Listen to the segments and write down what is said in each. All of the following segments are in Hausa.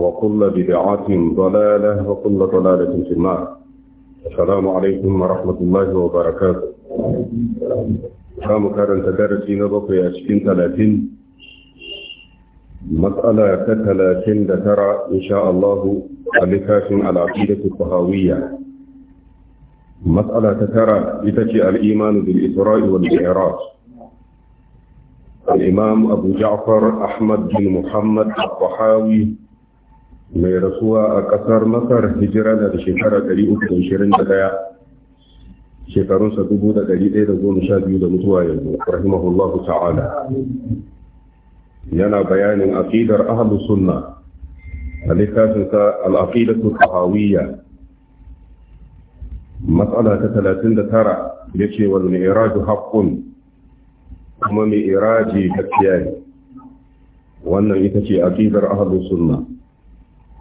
وكل بدعة ضلالة وكل ضلالة في النار السلام عليكم ورحمة الله وبركاته كم كان تدرسي نبقي أشكين ثلاثين مسألة ثلاثين ترى إن شاء الله على العقيدة الطهاوية مسألة ترى لتجي الإيمان بالإسراء والإعراض الإمام أبو جعفر أحمد بن محمد الطحاوي mai rasuwa a ƙasar masar hijira na da shekara 321 shekarunsa 1112 da mutuwa yanzu rahimahullahu ta'ala yana bayanin aqidar ahlus sunna a littafinsa al'aqidatu tahawiyya matsala ta 39 ce Wani mi'raju haqqun kuma mi'raji gaskiya ne wannan ita ce aqidar ahlus sunna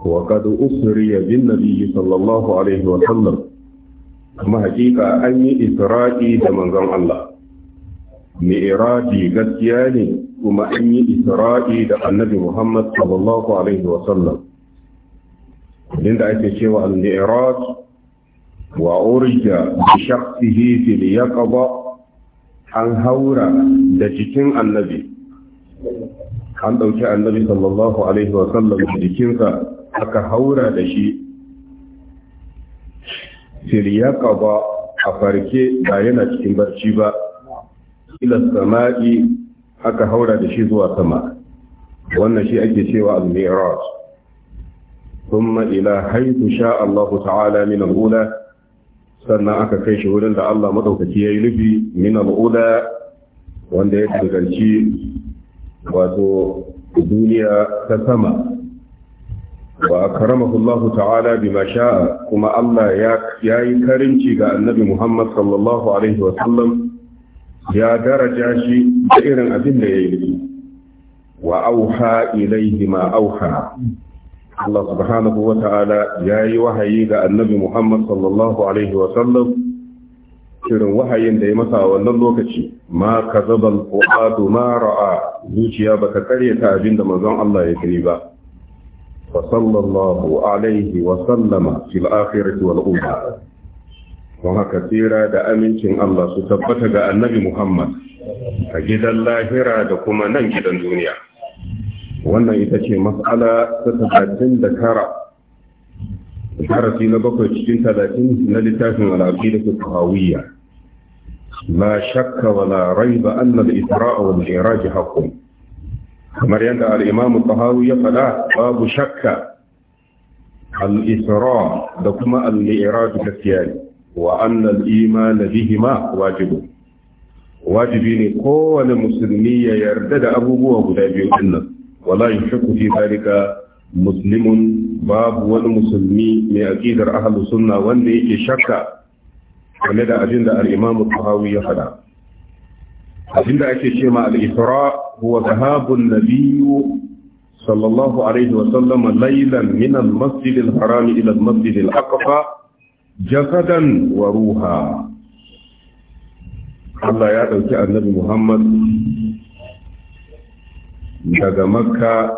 وقد أسري بالنبي صلى الله عليه وسلم kuma hakika an yi isra'i da manzon Allah mi'raji gaskiya ne kuma an yi isra'i da annabi Muhammad sallallahu alaihi wa sallam inda ake cewa al-mi'raj wa urija bi shakhsihi fil yaqba an haura da jikin annabi an annabi sallallahu alaihi wa sallam jikinsa aka haura da shi firyaka ba a farke ba yana cikin barci ba ilan sama'i aka haura da shi zuwa sama wannan shi ake cewa al-mi'raj thumma ila haythu sha Allahu ta'ala min al-ula sannan aka kai shi wurin da Allah madaukaki yayi nufi min al-ula wanda ya danganci wato duniya ta sama wa karamahu Allah ta'ala bima sha'a kuma Allah ya yi karimci ga annabi Muhammad sallallahu alaihi wa sallam ya daraja shi da irin abin da ya yi wa auha ilaihi ma auha Allah subhanahu wa ta'ala ya yi wahayi ga annabi Muhammad sallallahu alaihi wa sallam irin wahayin da ya masa wannan lokaci ma kazabal fuadu ma ra'a zuciya bata karyata abin da manzon Allah ya kiri ba وصلى الله عليه وسلم في الآخرة والأولى وهكا سيرا دا أمنشن الله ستبت دا النبي محمد فجد الله هرا دا كما ننجد الدنيا وانا إتشي مسألة ستبتن دا كارا الحرسي نبقى تشتين ثلاثين نلتاف على عقيدة الطهوية لا شك ولا ريب أن الإسراء والإعراج حق كما يندى الإمام الطهاوي فلا باب شك الإسراء دكما الإعراج كثيان وأن الإيمان بهما واجب واجبين قوة مسلمية يردد أبوه وغلابي وإنه ولا يشك في ذلك مسلم باب والمسلمي من أكيد أهل السنة وأن شك ولدى أجند الإمام الطهاوي يقول أجند أكيد شيما الإسراء هو ذهاب النبي صلى الله عليه وسلم ليلا من المسجد الحرام إلى المسجد الأقصى جسدا وروحا الله يعلم النبي محمد daga makka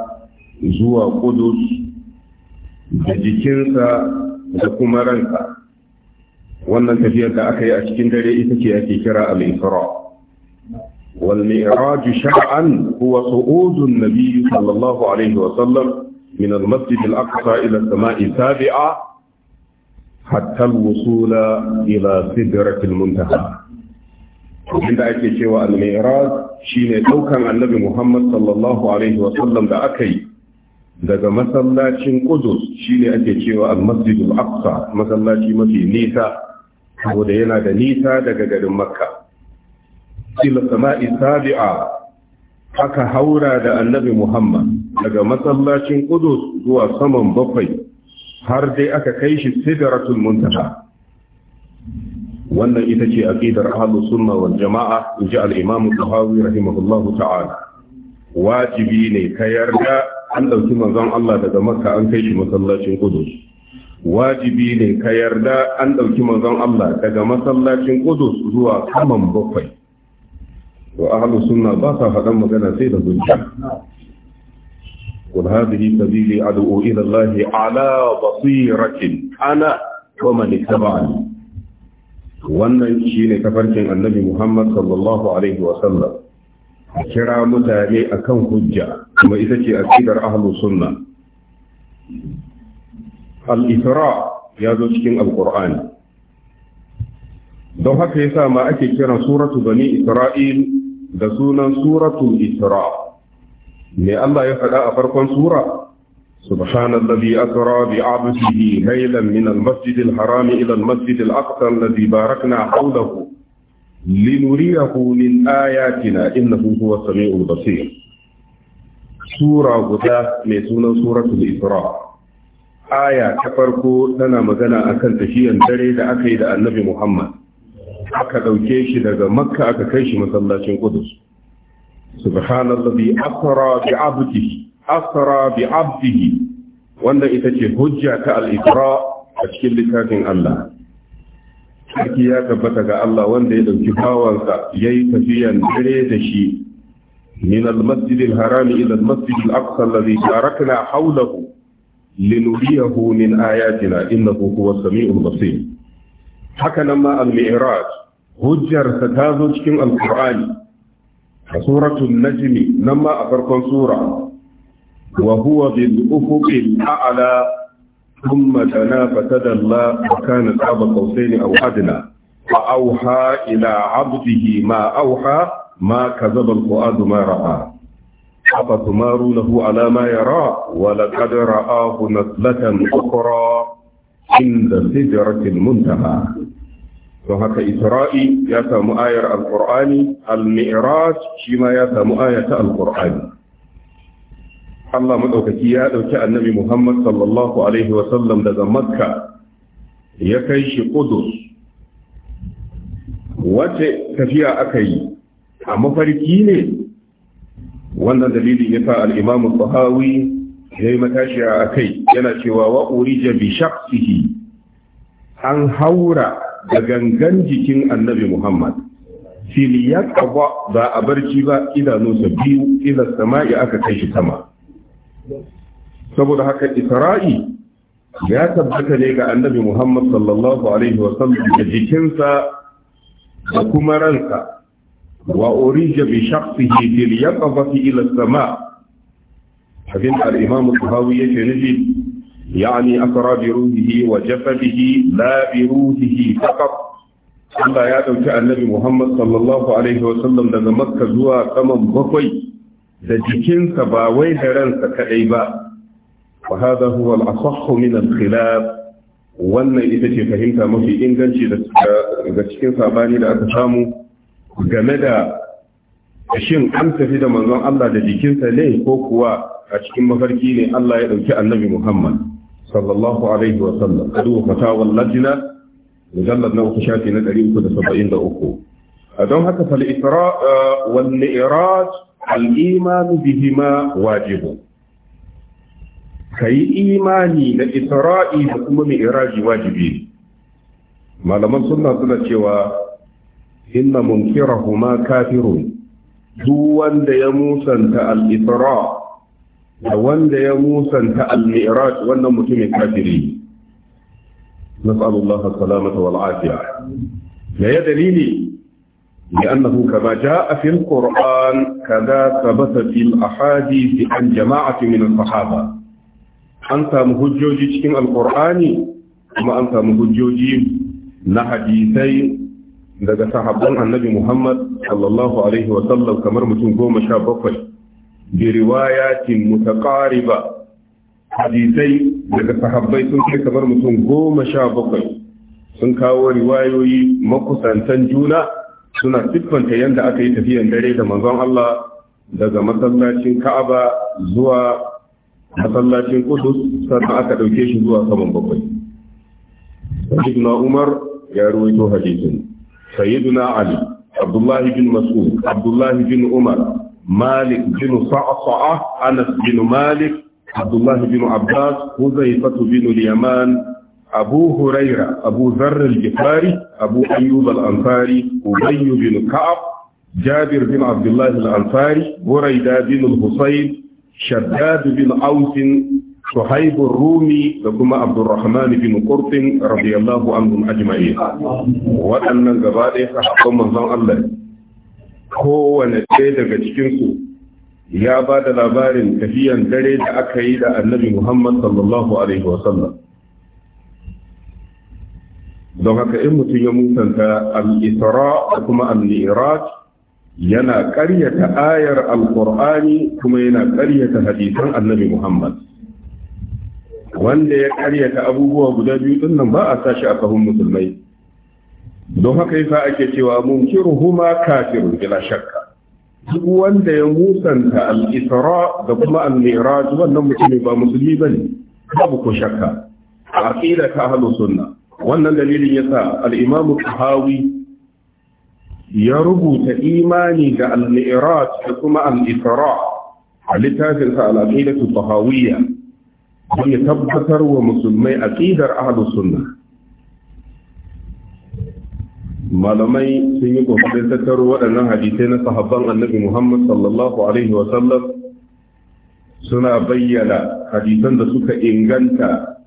zuwa kudus da jikinsa da kuma ranka wannan tafiyar da aka yi a cikin dare ita ce ake kira al-isra والمعراج شرعا هو صعود النبي صلى الله عليه وسلم من المسجد الأقصى إلى السماء السابعة حتى الوصول إلى سدرة المنتهى inda ake cewa al-mi'raj shine daukan annabi Muhammad sallallahu alaihi wa sallam da aka yi daga masallacin Qudus shine ake cewa al-Masjid al-Aqsa masallaci mafi nisa saboda yana da nisa daga garin Makka ila sama'i sabi'a aka haura da annabi Muhammad daga masallacin Qudus zuwa saman bakwai har dai aka kai shi sidratul muntaha wannan ita ce aqidar ahlus sunna wal jama'a inji al-imam al ta'ala wajibi ne ka yarda an dauki manzon Allah daga Makka an kai shi masallacin Qudus wajibi ne ka yarda an ɗauki manzon Allah daga masallacin Qudus zuwa saman bakwai to ahlu sunna ba sa faɗan magana sai da hujja قل هذه سبيلي أدعو إلى الله على بصيرة أنا ومن اتبعني wannan shi ne tafarkin annabi Muhammad sallallahu Alaihi wasallam kira mutane akan hujja kuma ita ce a cidar sunna al-isra ya zo cikin Alƙur'ani. don haka ya sa ma ake kiran suratu bani isra'il da sunan suratul isra me Allah ya faɗa a farkon sura سبحان الذي أسرى بعبده ليلا من المسجد الحرام إلى المسجد الأقصى الذي باركنا حوله لنريه من آياتنا إنه هو السميع البصير سورة غدا من سورة الإسراء aya ta farko tana magana akan tafiyan dare da aka yi da annabi Muhammad aka ɗauke shi daga makka aka kai shi masallacin ƙudus subhanallazi asra bi abdihi asra bi abdihi wanda ita ce hujja ta al-isra a cikin littafin Allah sarki ya tabbata ga Allah wanda ya ɗauki bawansa yayi tafiyan dare da shi min al-masjid al-haram ila al-masjid al-aqsa alladhi barakna hawlahu linuriyahu min ayatina innahu huwas samiul basir haka nan ma al-mi'raj hujjarsa ta zo cikin al-qur'ani a suratul najmi nan ma a farkon sura wa huwa bil ufuqil a'la thumma dana fatadalla wa kana qaba qausaini aw adna fa awha ila 'abdihi ma awha ما كذب الفؤاد ما رأى أفتمارونه على ما يرى ولقد رآه نزلة أخرى inda sijaratul muntaha to haka isra'i ya samu ayar alqur'ani al shi ma ya samu ayar ta alqur'ani Allah madaukaki ya dauki annabi Muhammad sallallahu alaihi wa sallam daga Makka ya kai shi Qudus wace tafiya aka yi a mafarki ne wannan dalilin ya sa al-Imam yayi matashiya a kai yana cewa wa urija bi shakhsihi an haura da gangan jikin annabi Muhammad fil yaqba ba a barci ba idanunsa biyu ila sama'i aka kai shi sama saboda haka isra'i ya tabbata ne ga annabi Muhammad sallallahu alaihi wa sallam da jikinsa da kuma ransa wa urija bi shakhsihi fil yaqba ila sama' abin da al-imam tahawi yake nufi yani asra bi ruhihi wa jasadihi la bi ruhihi faqat Allah ya dauki annabi Muhammad sallallahu alaihi wa sallam daga Makka zuwa saman bakwai da jikinsa ba wai da ransa kadai ba wa hadha huwa al-asahh min al-khilaf wannan ita ce fahimta mafi inganci daga cikin sabani da aka samu game da shin an tafi da manzon Allah da jikinsa ne ko kuwa a cikin mafarki ne Allah ya ɗauki annabi Muhammad sallallahu alaihi wa sallam kadu fatawar lajina mujallad na uku shafi na ɗari uku da saba'in da uku don haka fal isra wal mi'raj al iman bihima wajibu kai imani da isra'i da kuma mi'raji wajibi malaman sunna suna cewa inna munkirahuma kafirun duk wanda ya musanta al isra' da wanda ya musanta al-mi'raj wannan mutumin kafiri nas'alullaha salamata wal afiya ya ya dalili لأنه كما جاء في القرآن كذا ثبت في الأحاديث عن جماعة من An samu hujjoji cikin القرآن kuma an samu hujjoji na hadisai daga sahabban annabi Muhammad sallallahu alaihi wa sallam kamar mutum goma sha bakwai bi riwayatin mutaqariba hadisai daga sahabbai sun kai kamar mutum goma sha bakwai sun kawo riwayoyi makusantan juna suna siffanta yadda aka yi tafiyan dare da manzon Allah daga masallacin Ka'aba zuwa masallacin Qudus sannan aka dauke shi zuwa saman bakwai Ibn Umar ya ruwaito hadisin Sayyiduna Ali Abdullahi bin Mas'ud Abdullahi bin Umar مالك بن صعصعة أنس بن مالك عبد الله بن عباس حذيفة بن اليمان أبو هريرة أبو ذر الجفاري أبو أيوب الأنصاري أبي بن كعب جابر بن عبد الله الأنصاري بريدة بن الحصين شداد بن أوس صهيب الرومي لكم عبد الرحمن بن قرط رضي الله عنهم أجمعين وأن الجبال يتحكم من الله kowane ɗaya daga cikinsu ya ba da labarin tafiyan dare da aka yi da annabi Muhammad sallallahu Alaihi wasallam. Don haka in mutum ya musanta al-Isra da kuma al-Mi'raj yana ƙaryata ayar al-Qur'ani kuma yana ƙaryata hadisan annabi Muhammad. Wanda ya ƙaryata abubuwa guda biyu ɗin nan ba a sashi a sahun musulmai. don haka yasa ake cewa mun munkiruhuma kafirun bila shakka duk wanda ya musanta al-isra da kuma al-mi'raj wannan mutumin ba musulmi bane babu ko shakka aqida ta ahlu sunna wannan dalilin yasa al-imam tahawi ya rubuta imani da al-mi'raj da kuma al-isra a littafin sa al-aqidatu tahawiyya don ya tabbatar wa musulmai aqidar ahlu sunna malamai sun yi kokarin tattaro waɗannan hadisai na sahabban annabi Muhammad sallallahu alaihi wa sallam suna bayyana hadisan da suka inganta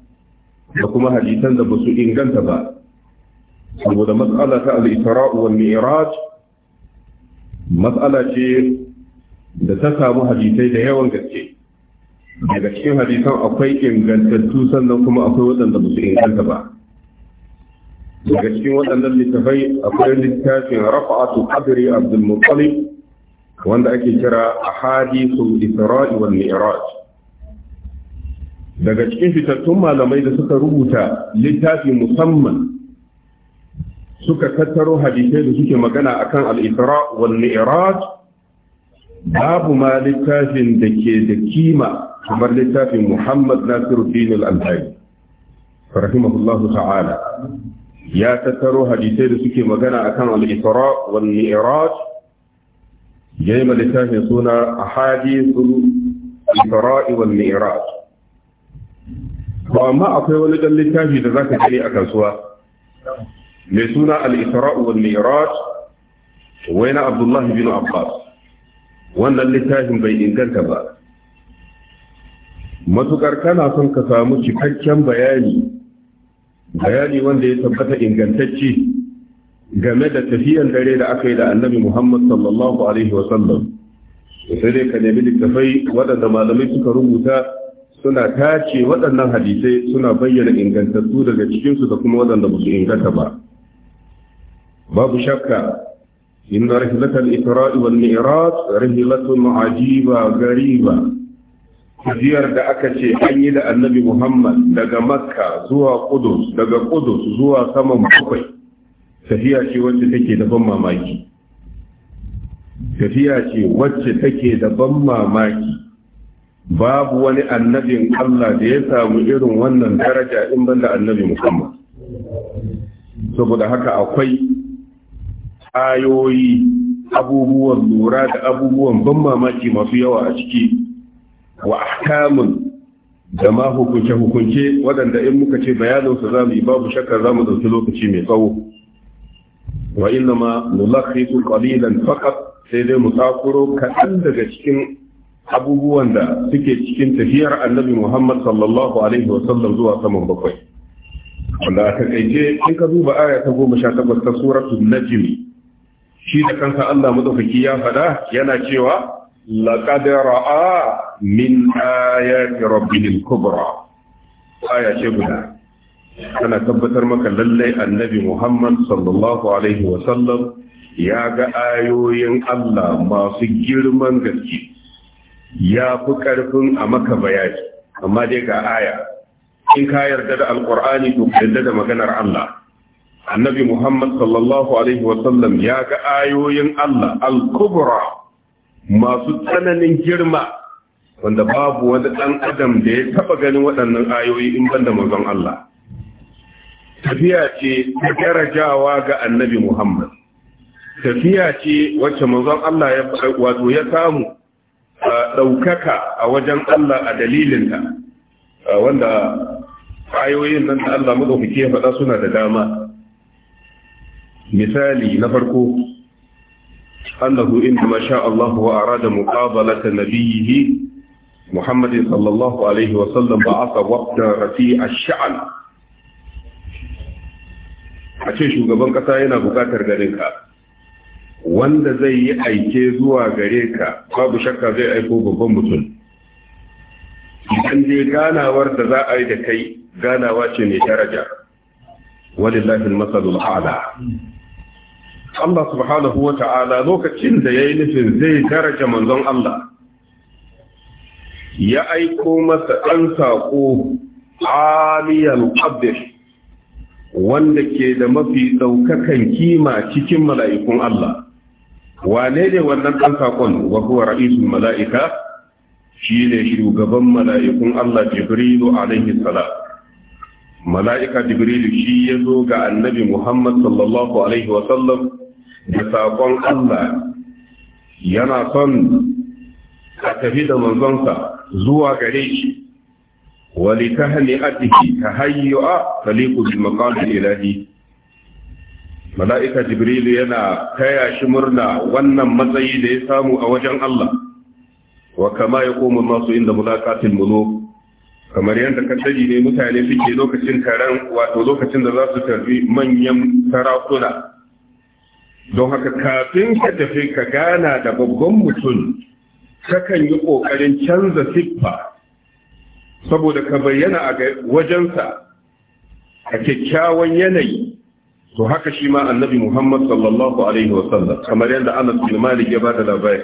da kuma hadisan da ba su inganta ba saboda matsala ta al-isra'u wal mi'raj matsala ce da ta samu hadisai da yawan gaske daga cikin hadisan akwai ingantattu sannan kuma akwai waɗanda ba su inganta ba daga cikin waɗannan littafai akwai littafin rafa'atu qadri abdul muttalib wanda ake kira ahadithul isra'i wal mi'raj daga cikin fitattun malamai da suka rubuta littafi musamman suka tattaro hadisai da suke magana akan al-isra wal mi'raj babu ma littafin da ke da kima kamar littafin Muhammad Nasiruddin al-Albani rahimahullahu ta'ala ya tattaro hadisai da suke magana akan al-isra wal mi'raj yayi littafin suna ahadithul isra wal mi'raj ba amma akwai wani dan littafi da za ka gani a kasuwa mai suna al-isra wal wai na abdullahi bin abbas wannan littafin bai inganta ba matukar kana son ka samu cikakken bayani bayani wanda ya tabbata ingantacce game da tafiyan dare da aka yi da annabi Muhammad sallallahu alaihi wasallam sai dai ka nemi littafai waɗanda malamai suka rubuta suna tace waɗannan hadisai suna bayyana ingantattu daga cikinsu da kuma waɗanda ba su inganta ba babu shakka inna rihlatal isra'i wal mi'raj rihlatun ajiba gariba ziyar da aka ce an yi da annabi muhammad daga makka zuwa kudus daga kudus zuwa saman bakwai tafiya ce wacce take da ban mamaki tafiya ce wacce take da ban mamaki babu wani annabin allah da ya samu irin wannan daraja in ban da annabi muhammad saboda haka akwai ayoyi abubuwan lura da abubuwan ban mamaki masu yawa a ciki wa ahkamun da ma hukunce-hukunce waɗanda in muka ce bayaninsu za mu yi babu shakka za mu ɗauki lokaci mai tsawo wa inna ma nulakhisu qalilan faqat sai dai mu takuro kaɗan daga cikin abubuwan da suke cikin tafiyar annabi Muhammad sallallahu alaihi wa sallam zuwa saman bakwai wanda a takaice in ka duba aya ta goma sha takwas ta suratul najm shi da kansa Allah madaukaki ya faɗa yana cewa laqad ra'a min ayati rabbil kubra aya ce guda ana tabbatar maka lallai annabi Muhammad sallallahu alaihi wa sallam ya ga ayoyin Allah masu girman gaske ya fi karfin a maka bayani amma dai ga aya in ka yarda da alqur'ani to yarda da maganar Allah annabi Muhammad sallallahu alaihi wa sallam ya ga ayoyin Allah al masu tsananin girma wanda babu wani ɗan adam da ya taɓa ganin waɗannan ayoyi in banda mazan Allah tafiya ce ta darajawa ga annabi Muhammad tafiya ce wacce mazan Allah wato ya samu ɗaukaka a wajen Allah a dalilinta wanda ayoyin nan da Allah muka faɗa suna da dama misali na farko أنه إنما شاء الله وأراد مقابلة نبيه محمد صلى الله عليه وسلم بعث وقت رفيع الشعن a ce shugaban ƙasa yana bukatar ganin wanda zai yi aike zuwa gare ka babu shakka zai aiko babban mutum An dai ganawar da za a yi da kai ganawa ce mai daraja walillahi masalul a'la Allah subhanahu wa ta'ala lokacin da ya yi nufin zai daraja manzon Allah ya aiko masa ɗan saƙo aliyal qabdir wanda ke da mafi ɗaukakan kima cikin mala'ikun Allah wane ne wannan ɗan saƙon wa huwa ra'isul mala'ika shi ne shugaban mala'ikun Allah Jibrilu alaihi salam mala'ika jibrilu shi ya zo ga annabi muhammad sallallahu alaihi wasallam da saƙon Allah yana son a tafi da manzonsa zuwa gare shi wali ta hali adiki ta hayyuwa taliku bi maqamil ilahi mala'ika jibrilu yana taya shi murna wannan matsayi da ya samu a wajen Allah wa kama ya koma masu inda mulaqatil muluk kamar yadda ka sani ne mutane suke lokacin karen wato lokacin da za su tarbi manyan sarakuna don haka kafin ka tafi ka gana da babban mutum kakan yi ƙoƙarin canza siffa saboda ka bayyana a wajensa a kyakkyawan yanayi to haka shi ma annabi Muhammad sallallahu alaihi wasallam kamar yadda Anas bin Malik ya ba da labari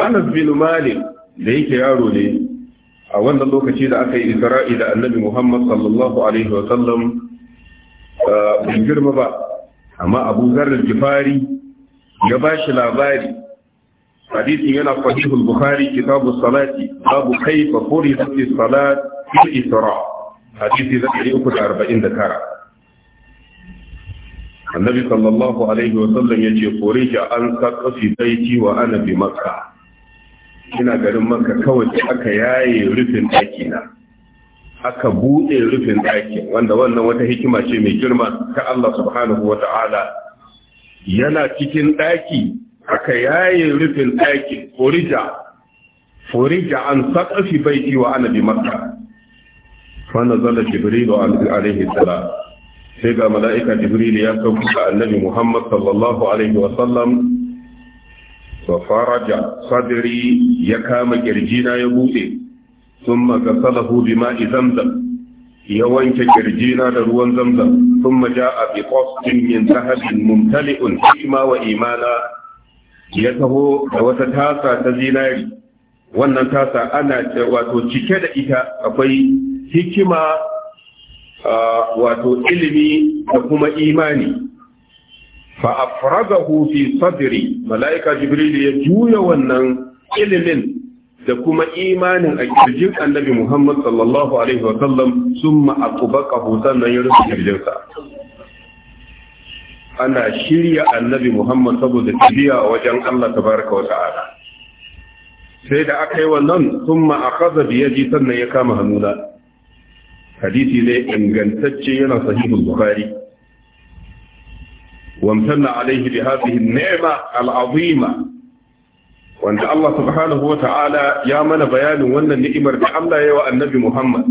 Anas bin Malik da yake yaro ne a wannan lokaci da aka yi Isra'i da annabi Muhammad sallallahu alaihi wasallam ah, bai girma ba amma abu zarar gifari ya ba shi labari hadisin yana sahihul bukhari kitabu salati babu kaifa furidat salat fil isra uku da arba'in da 349 annabi sallallahu alaihi wa sallam ya ce yace furija an saqafi baiti wa ana bi makka ina garin makka kawai aka yaye rufin ɗakina. aka buɗe rufin ɗakin wanda wannan wata hikima ce mai girma ta Allah subhanahu wa ta'ala yana cikin ɗaki aka yaye rufin ɗakin furija furija an saƙafi baiti wa anabi makka wanda zalla jibrilu alaihi salam sai ga mala'ika jibrilu ya sauka ga annabi muhammad sallallahu alaihi wa sallam fa faraja sadri ya kama kirjina ya buɗe ثم غسله بماء زمزم ya wanke kirjina da ruwan zamzam sun maja a biƙostin min zahabin mumtali'un hikima wa imana ya taho da wata tasa ta zinari wannan tasa ana wato cike da ita akwai hikima wato ilimi da kuma imani fa afragahu fi sadri malaika jibril ya juya wannan ilimin da kuma imanin a kirjin annabi Muhammad sallallahu alaihi wa sallam summa aqbaqahu sannan ya rufe kirjinsa ana shirya annabi Muhammad saboda tafiya wajen Allah baraka wa ta'ala sai da aka yi wannan summa akhadha bi yadi sannan ya kama hannuna hadisi ne ingantacce yana sahihul bukhari وامتن عليه بهذه النعمة العظيمة wanda Allah subhanahu wa ta'ala ya mana bayanin wannan ni'imar da Allah ya wa annabi Muhammad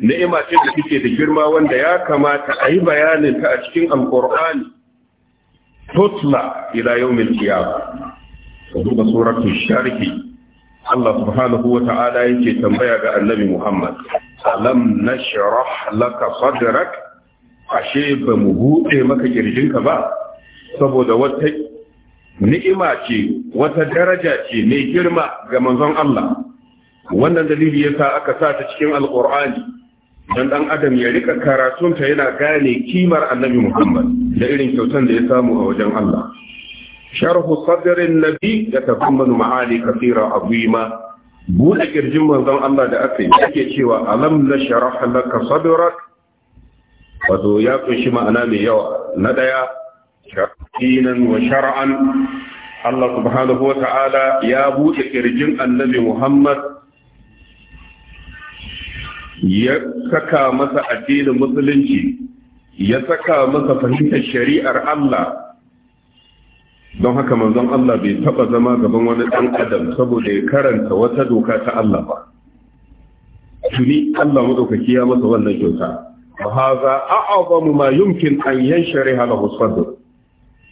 ni'ima ce da take da girma wanda ya kamata a yi bayanin ta a cikin alqur'ani tutla ila yawmil qiyamah duba suratul sharhi Allah subhanahu wa ta'ala yake tambaya ga annabi Muhammad alam nashrah laka sadrak ashe ba mu buɗe maka kirjinka ba saboda wata ni'ima ce wata daraja ce mai girma ga manzon Allah wannan dalili yasa aka sa ta cikin alqur'ani dan dan adam ya rika karatunta yana gane kimar annabi Muhammad da irin kyautan da ya samu a wajen Allah sharhu sadrin nabi da tafammanu ma'ani kathira azima buɗe kirjin manzon Allah da aka yi ake cewa alam nashrah laka sadrak wato ya kunshi ma'ana mai yawa na daya dinan wa shar'an Allah subhanahu wa ta'ala ya buɗe ƙirjin annabi Muhammad ya saka masa addinin musulunci ya saka masa fahimtar shari'ar Allah don haka manzon Allah bai taɓa zama gaban wani ɗan adam saboda ya karanta wata doka ta Allah ba tuni Allah maɗaukaki ya masa wannan kyauta wa haza a'azamu ma yumkin an yanshariha lahu sadr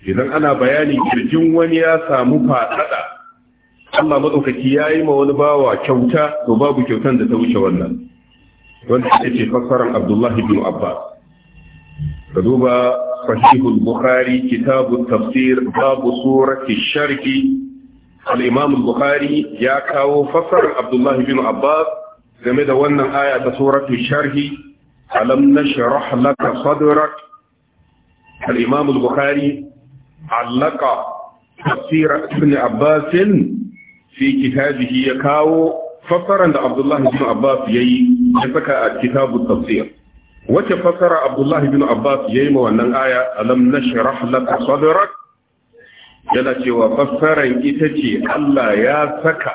idan ana bayanin kirjin wani ya samu fadada Allah madaukaki yayi ma wani bawa kyauta to babu kyautan da ta wuce wannan wanda yake fassaran Abdullah ibn Abbas ka duba sahihul bukhari tafsir babu surati sharhi al-imam al-bukhari ya kawo fassaran Abdullah ibn Abbas game da wannan aya ta suratul sharhi alam nashrah laka sadrak al-imam al-bukhari allaka tafsir ibn abbas fi kitabihi ya kawo fassaran da abdullahi ibn abbas yayi ya saka kitabu tafsir wace fassara abdullahi ibn abbas yayi ma wannan aya alam nashrah laka sadrak yana cewa fassaran ita ce Allah ya saka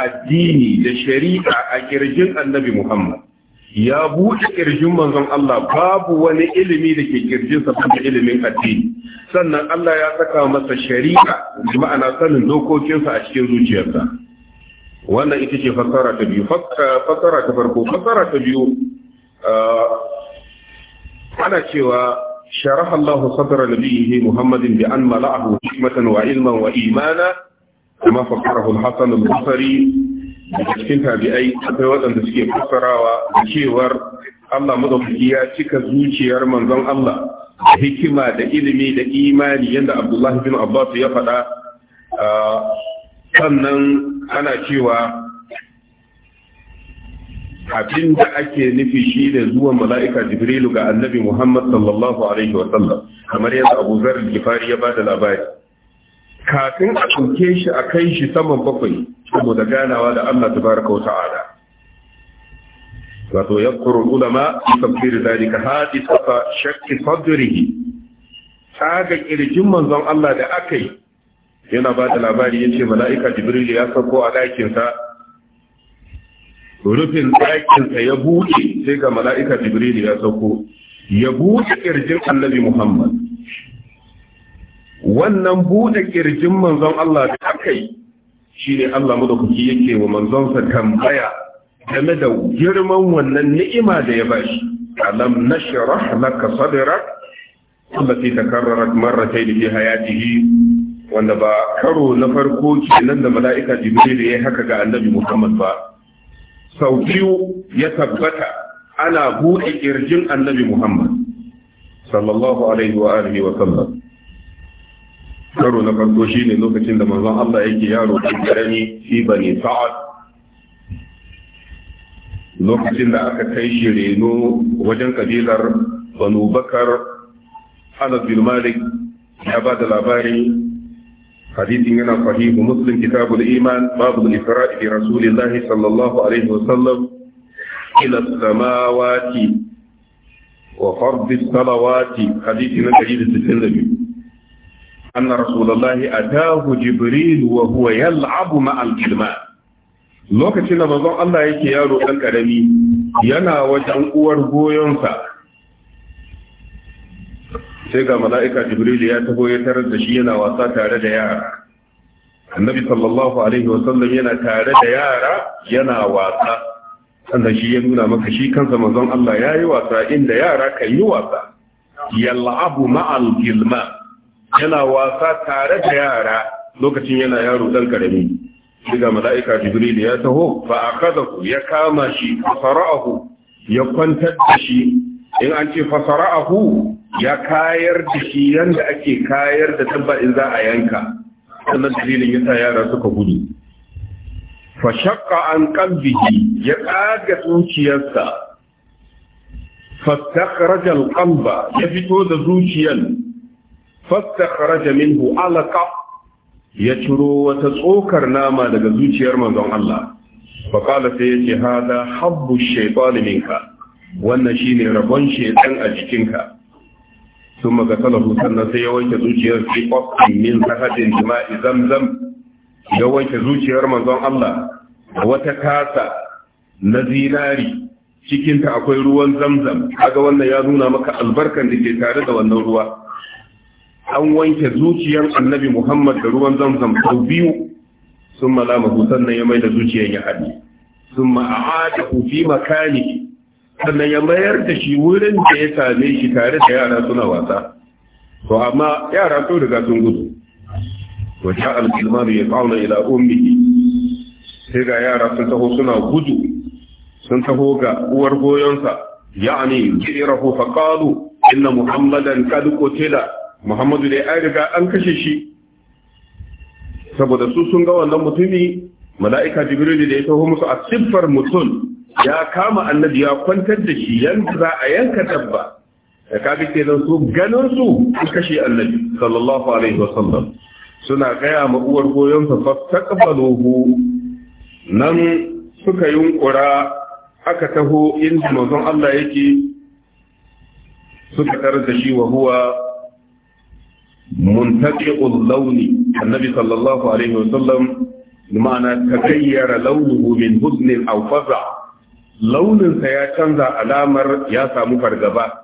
addini da shari'a a kirjin annabi Muhammad ya buɗe ƙirjin manzon Allah babu wani ilimi da ke ƙirjinsa da ilimin addini sannan Allah ya saka masa shari'a ma'ana sanin dokokinsa a cikin zuciyarsa wannan ita ce fassara ta biyu fassara ta farko fassara ta biyu ah, ana cewa شرح الله صدر نبيه محمد بأن ملأه حكمة وعلما وإيمانا كما فكره الحسن البصري daga cikin tabi'ai akwai waɗanda suke fassarawa da cewar Allah madaukaki ya cika zuciyar manzon Allah da hikima da ilimi da imani yadda Abdullahi bin Abbas ya faɗa ah, sannan ana cewa abin da ake nufi shi da zuwan mala'ika Jibrilu ga annabi Muhammad sallallahu Alaihi wasallam kamar yadda Abu Zar Gifari ya ba da labari. kafin a ɗauke shi a kai shi saman bakwai saboda ganawa da Allah Ta baraka wa ta'ala wato yadkuru ulama fi ka haɗi tafa shakki sadrihi tsaga ƙirjin manzon Allah da aka yi yana ba da labari ce mala'ika jibril ya sauko a ɗakinsa, rufin ɗakinsa ya buɗe sai ga mala'ika jibril ya sauko ya buɗe irjin annabi Muhammad wannan buɗe ƙirjin manzon Allah da aka yi shi ne Allah madaukaki yake wa manzonsa tambaya game da girman wannan ni'ima da ya bashi alam nashrah laka sadrak allati takarrarat marratayn fi hayatihi wanda ba karo na farko kenan da mala'ika jibril ya haka ga annabi Muhammad ba sau biyu ya tabbata ana buɗe ƙirjin annabi Muhammad sallallahu alaihi wa alihi wa sallam karo na farko shine lokacin da manzon Allah yake yaro karami fi bani sa'ad lokacin da aka kai shi reno wajen kabilar banu bakar anas bin malik ya ba da labarin hadisin yana sahihu muslim kitabul iman babu al-ifra'i bi rasulillahi sallallahu alaihi wa sallam ila samawati wa fardhi salawati hadisin 162 anna rasulullahi atahu jibril wa huwa yal'abu ma'al gilman lokacin da manzon Allah yake yaro dan karami. yana wajen uwar goyonsa sai ga mala'ika jibril ya taho ya tarar da shi yana wasa tare da yara annabi sallallahu alaihi wasallam yana tare da yara yana wasa sannan shi ya nuna maka shi kansa manzon Allah ya yi wasa inda yara kan yi wasa yal'abu ma'al gilma yana wasa tare da yara lokacin yana yaro dan karami daga mala'ika jibril ya taho fa akadahu ya kama shi fasara'ahu ya kwantar da shi in an ce fasara'ahu ya kayar da shi yanda ake kayar da dabba in za a yanka sannan dalilin yasa yara suka gudu fa shaqqa an qalbihi ya kaga zuciyarsa fastakhraja al-qalba ya fito da zuciyarsa fastakharaja minhu alaqa ya ciro wata tsokar nama daga zuciyar manzon Allah fa sai yace hada habbu shaytan minka wannan shine rabon shaytan a jikinka ثم قتله sannan sai ya wanke zuciyar fi qasmin min sahadin jima'i zamzam ya wanke zuciyar manzon Allah wata kasa na zinari cikinta akwai ruwan zamzam kaga wannan ya nuna maka albarkar da ke tare da wannan ruwa an wanke zuciyar annabi Muhammad da ruwan zamzam sau biyu sun malamahu sannan ya mai da zuciyar ya haɗi sun ma'ada fi makani sannan ya mayar da shi wurin da ya same shi tare da yara suna wasa to amma yara sun riga sun gudu to ta al ya fauna ila ummihi sai ga yara sun taho suna gudu sun taho ga uwar goyonsa ya'ani jirahu faqalu inna muhammadan qad qutila muhammadu dai an riga an kashe shi saboda su sun ga wannan mutumi mala'ika jibril da ya taho musu a siffar mutum ya kama annabi ya kwantar da shi yanzu za a yanka dabba da ke kenan su ganin su kashe annabi sallallahu alaihi wasallam suna gaya ma uwar goyon sa fastaqbaluhu nan suka yunkura aka taho inda manzon Allah yake suka tarar da shi wa huwa muntaqi'ul launi annabi sallallahu alaihi wasallam ma'ana tagayyara launuhu min huznin aw launinsa ya canza alamar ya samu fargaba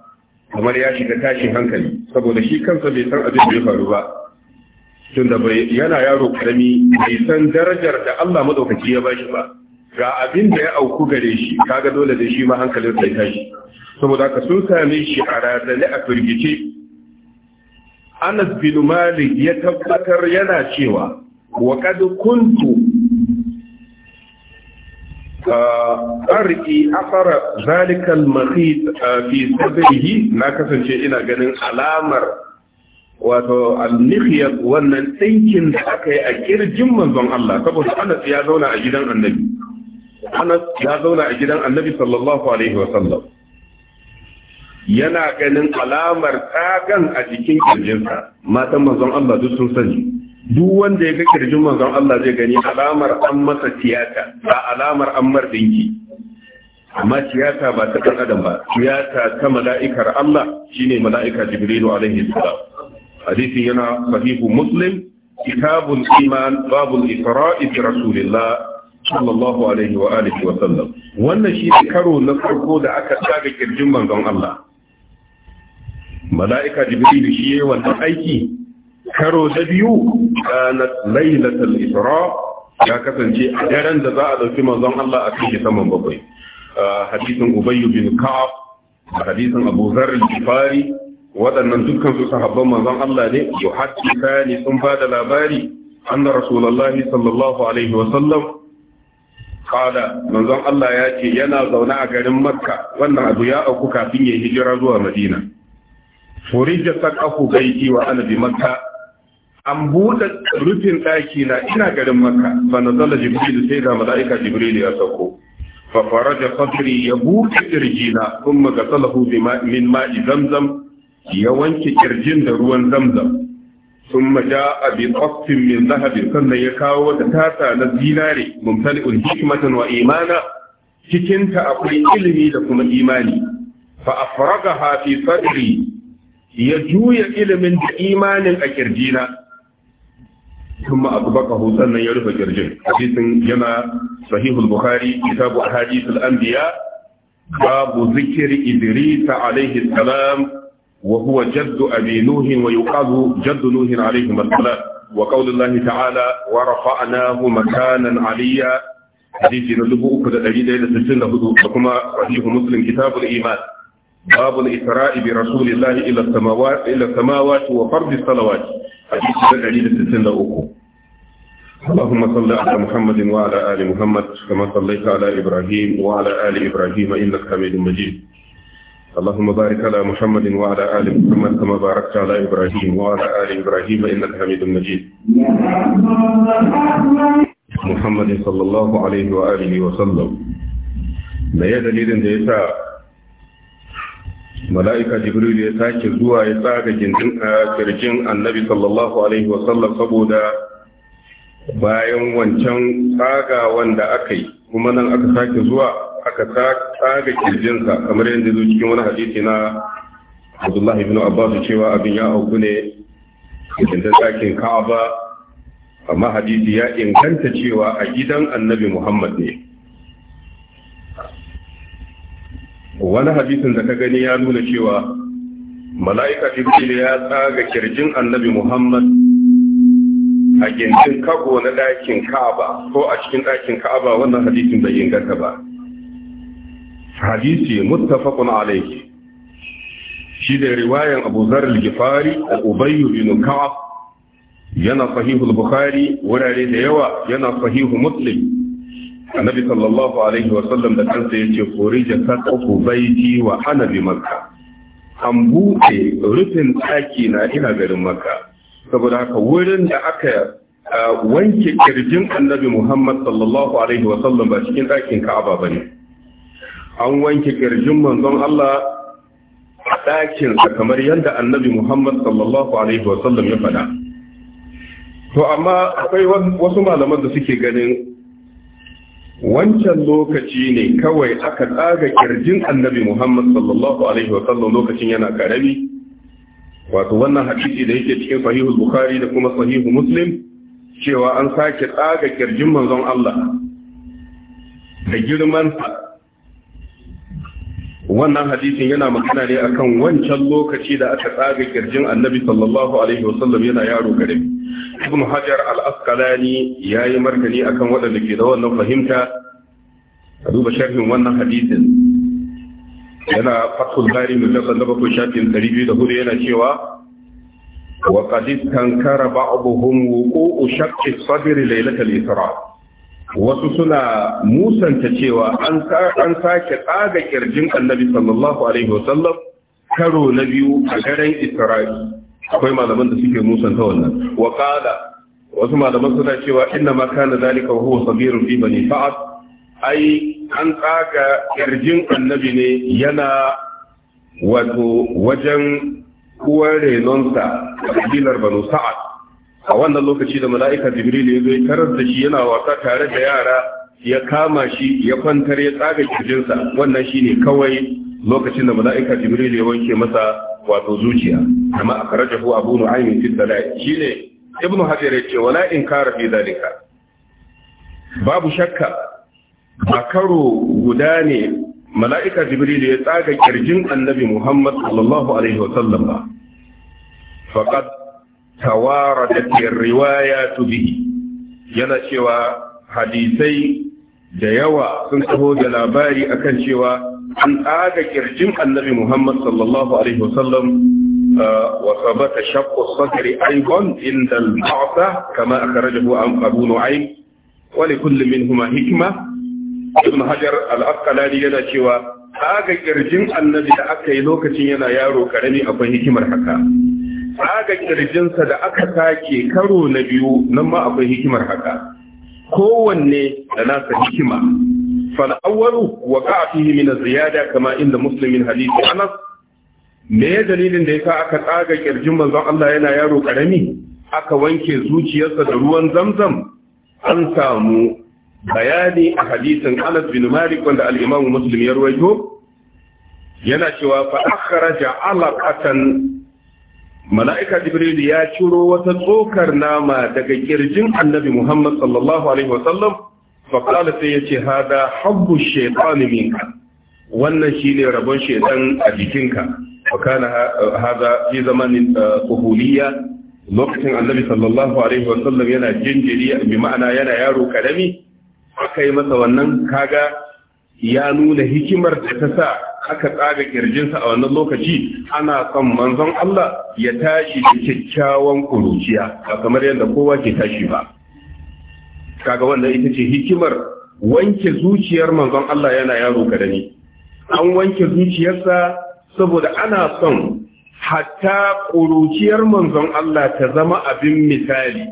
kamar ya shiga tashin hankali saboda shi kansa bai san abin da ya faru ba tunda bai yana yaro karami bai san darajar da Allah maɗaukaci ya shi ba ga abin da ya auku gare shi ga dole da shi ma hankalin ya tashi saboda ka sun same shi a razane a firgice Anas bin Malik ya tabbatar yana cewa wa qad kuntu ah, arki asara zalika al ah, fi na kasance ina ganin alamar wato al-mikhyat wannan tsinkin da aka yi a kirjin manzon Allah saboda Anas ya zauna a gidan Annabi Anas ya zauna a gidan Annabi sallallahu alaihi wa sallam yana ganin alamar tagan a jikin kirjinsa matan manzon Allah duk sun sani duk wanda ya ga kirjin manzon Allah zai gani alamar an masa tiyata ba alamar an mar dinki amma tiyata ba ta kan adam ba tiyata ta mala'ikar Allah shine mala'ika Jibrilu alaihi salam hadisi yana sahihu Muslim kitabul iman babul isra'i bi rasulillah sallallahu alaihi wa alihi wa sallam wannan shi ne karo na farko da aka tsaga kirjin manzon Allah mala'ika jibril shi yi wannan aiki karo da biyu kanat lailatul isra ya kasance a daren da za a dauki manzon Allah a cikin saman bakwai hadisin Ubayyu bin ka'ab hadisin abu zarr al waɗannan dukkan su sahabban manzon Allah ne yuhaddithani sun ba da labari anna rasulullahi sallallahu alaihi wa sallam kada manzon Allah ya ce yana zaune a garin Makka wannan abu ya auku kafin ya hijira zuwa Madina furija saqafu baiti wa ana bi maka. an buɗe rufin ɗaki na ina garin makka fa nazala jibril sai da malaika jibril ya sauko fa da sadri ya buɗe kirjina kuma gasalahu min ma'i zamzam ya wanke ƙirjin da ruwan zamzam ثم جاء بقص min zahabin sannan ya kawo wata tasa na zinare mumtali'un hikmatan wa imana cikinta akwai ilimi da kuma imani fa ga hafi sadri ya juya ilimin da imanin a kirjina kuma abu baka sannan ya rufe kirjin hadisin yana sahihul bukhari kitabu ahadithul anbiya babu zikiri idris alaihi salam wa huwa jaddu abi nuh wa yuqalu jaddu nuhin alaihi salam wa qaulullahi ta'ala wa rafa'nahu makanan aliyya hadisi na 3364 da kuma sahihu muslim kitabul iman باب الإسراء برسول الله إلى السماوات إلى السماوات وفرض الصلوات حديث الدليل 63 اللهم صل على محمد وعلى آل محمد كما صليت على إبراهيم وعلى آل إبراهيم إنك حميد مجيد اللهم بارك على محمد وعلى آل محمد كما باركت على إبراهيم وعلى آل إبراهيم إنك حميد مجيد محمد صلى الله عليه وآله وسلم لا هي دليل mala'ika jibril ya sake zuwa ya tsaga kirjin annabi sallallahu alaihi wasallam saboda bayan wancan tsaga wanda aka yi kuma nan aka sake zuwa aka tsaga kirjinsa kamar yadda zo cikin wani hadisi na abdullah ibn abbas cewa abin ya auku ne kirjin tsakin ka'aba amma hadisi ya inganta cewa a gidan annabi muhammad ne wani hadisin da ka gani ya nuna cewa mala'ika jibril ya tsaga kirjin annabi muhammad a gindin kago na ɗakin ka'aba ko a cikin ɗakin ka'aba wannan hadisin bai inganta ba hadisi muttafaqun alayhi shi da riwayan abu zar al-gifari da ubayy bin ka'ab yana sahihul bukhari wurare da yawa yana sahihu muslim annabi sallallahu alaihi wasallam da kansa ya ce kori da sakaku baiti wa ana bi makka an buɗe rufin ɗaki na ina garin maka. saboda haka wurin da aka wanke kirjin annabi muhammad sallallahu alaihi wasallam ba cikin ɗakin ka'aba ba ne an wanke kirjin manzon allah a ɗakinsa kamar yadda annabi muhammad sallallahu alaihi wasallam ya faɗa to amma akwai wasu malaman da suke ganin wancan lokaci ne kawai aka tsaga kirjin annabi Muhammad sallallahu alaihi wasallam lokacin yana karami wato wannan hadisi da yake cikin sahihul bukhari da kuma sahihu muslim cewa an sake tsaga kirjin manzon Allah da girman wannan hadisin yana magana ne akan wancan lokaci da aka tsaga kirjin annabi sallallahu alaihi wasallam yana yaro karami ibn hajar al-asqalani ya yi martani akan waɗanda ke da wannan fahimta a duba sharhin wannan hadisin yana fatul bari mujallar da bakwai shafin ɗari biyu da hudu yana cewa wa qadis tankara ba'dhum wuqu'u shaqqi sadr laylatal isra wasu suna musanta cewa an an sake tsaga kirjin annabi sallallahu alaihi wasallam karo na biyu a garin isra'i akwai malaman da suke musanta wannan wa qala wasu malaman suna cewa inna ma kana zalika wa huwa sabirun fi bani fa'ad ai an tsaga kirjin annabi ne yana wato wajen uwar renonsa a kabilar banu sa'ad a wannan lokaci da mala'ika jibril ya zo ya da shi yana wasa tare da yara ya kama shi ya kwantar ya tsaga kirjinsa wannan shine kawai lokacin da mala'ika jibril ya wanke masa wato zuciya amma aka hu abu nu'aymin fi dalai shine ibnu hajar ce, wala in inkara fi dalika babu shakka a guda ne mala'ika jibril ya tsaga kirjin annabi muhammad sallallahu alaihi wa sallam faqad tawaradat riwayatu bihi yana cewa hadisai da yawa sun taho da labari akan cewa an aga kirjin annabi Muhammad sallallahu alaihi wasallam uh, wa sabata shaqqu sadri aydan inda al-ba'tha kama akhrajahu an Abu Nu'aym wa li kulli minhuma hikma Ibn Hajar al-Asqalani yana cewa aga kirjin annabi da aka yi lokacin yana yaro karami akwai hikimar haka tsaga kirjinsa da aka sake karo na biyu nan ma akwai hikimar haka kowanne da nasa hikima فالأول وقع فيه من الزيادة كما عند مسلم من حديث أنس me ya dalilin da yasa aka tsaga kirjin manzon Allah yana yaro karami aka wanke zuciyarsa da ruwan zamzam an samu bayani a hadisin Anas bin Malik wanda al-Imam Muslim ya rawaito yana cewa fa akhraja alaqatan mala'ika Jibril ya ciro wata tsokar nama daga kirjin Annabi Muhammad sallallahu alaihi wasallam faƙala sai ya ce hada habbu shaitani minka wannan shine rabon shaitan a jikinka faƙala hada fi zamanin kuhuliya uh, lokacin annabi sallallahu alaihi wa sallam yana jinjiri bi ma'ana yana yaro karami akai masa wannan kaga ya nuna hikimar da ta sa aka tsaga kirjinsa a wannan lokaci ana son manzon Allah ya tashi da kyakkyawan kuruciya ba kamar yadda kowa ke tashi ba kaga wannan ita ce hikimar wanke zuciyar manzon Allah yana yaro kadani an wanke zuciyarsa saboda ana son hatta ƙuruciyar manzon Allah ta zama abin misali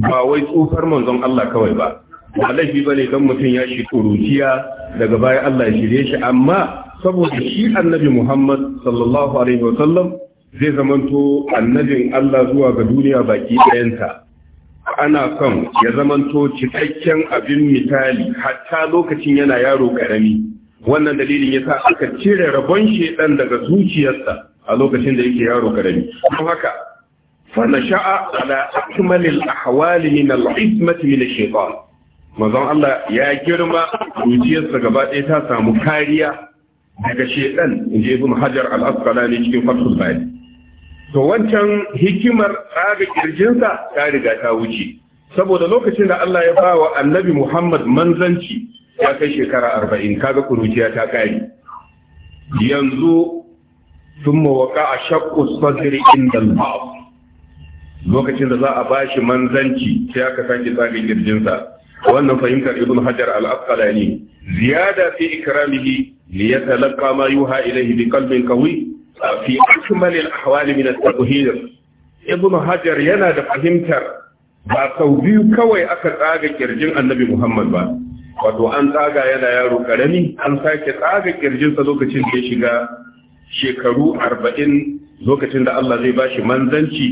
ba wai tsufar manzon Allah kawai ba ba laifi bane dan mutum ya shi ƙuruciya daga baya Allah ya shirye shi amma saboda shi annabi Muhammad sallallahu alaihi sallam, zai zamanto annabin Allah zuwa ga duniya baki ɗayanta ana son ya zamanto cikakken abin misali hatta lokacin yana yaro karami wannan dalilin ya sa aka cire rabon shedan daga zuciyarsa a lokacin da yake yaro karami Kuma haka fa nasha'a ala akmalil ahwali min al-ismati min ash-shaytan manzon Allah ya girma zuciyarsa gaba ɗaya ta samu kariya daga shedan inji ibn hajar al-asqalani cikin fathul bari to wancan hikimar tsara kirjinsa ta riga ta wuce saboda lokacin da Allah ya ba wa annabi Muhammad manzanci ya kai shekara arba'in kaga kuruciya ta kare yanzu sun mawaka a shakku sadri inda lokacin da za a bashi manzanci sai aka sake tsaga kirjinsa wannan fahimtar ibn hajar al-asqalani ziyada fi ikramihi li yatalaqqa ma yuha ilayhi bi qalbin qawi fi akmalil ahwali min at-tauhid ibn hajar yana da fahimtar ba sau biyu kawai aka tsaga kirjin annabi muhammad ba wato an tsaga yana yaro karami an sake tsaga ƙirjinsa lokacin da ya shiga shekaru arba'in lokacin da Allah zai bashi manzanci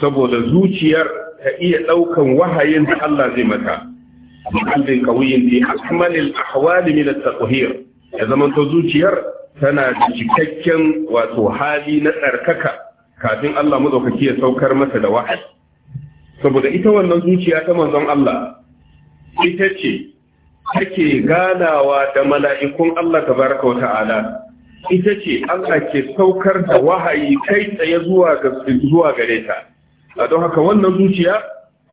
saboda zuciyar ta iya ɗaukan wahayin da Allah zai mata mu'allin kawiyin fi akmalil ahwali min at-tauhid ya zamanto zuciyar tana da cikakken wato hali na tsarkaka kafin Allah madaukaki ya saukar masa da wahayi saboda ita wannan zuciya ta manzon Allah ita ce take ganawa da mala'ikun Allah tabaraka wa ta'ala ita ce Allah ke saukar da wahayi kai tsaye zuwa ga zuwa gare ta don haka wannan zuciya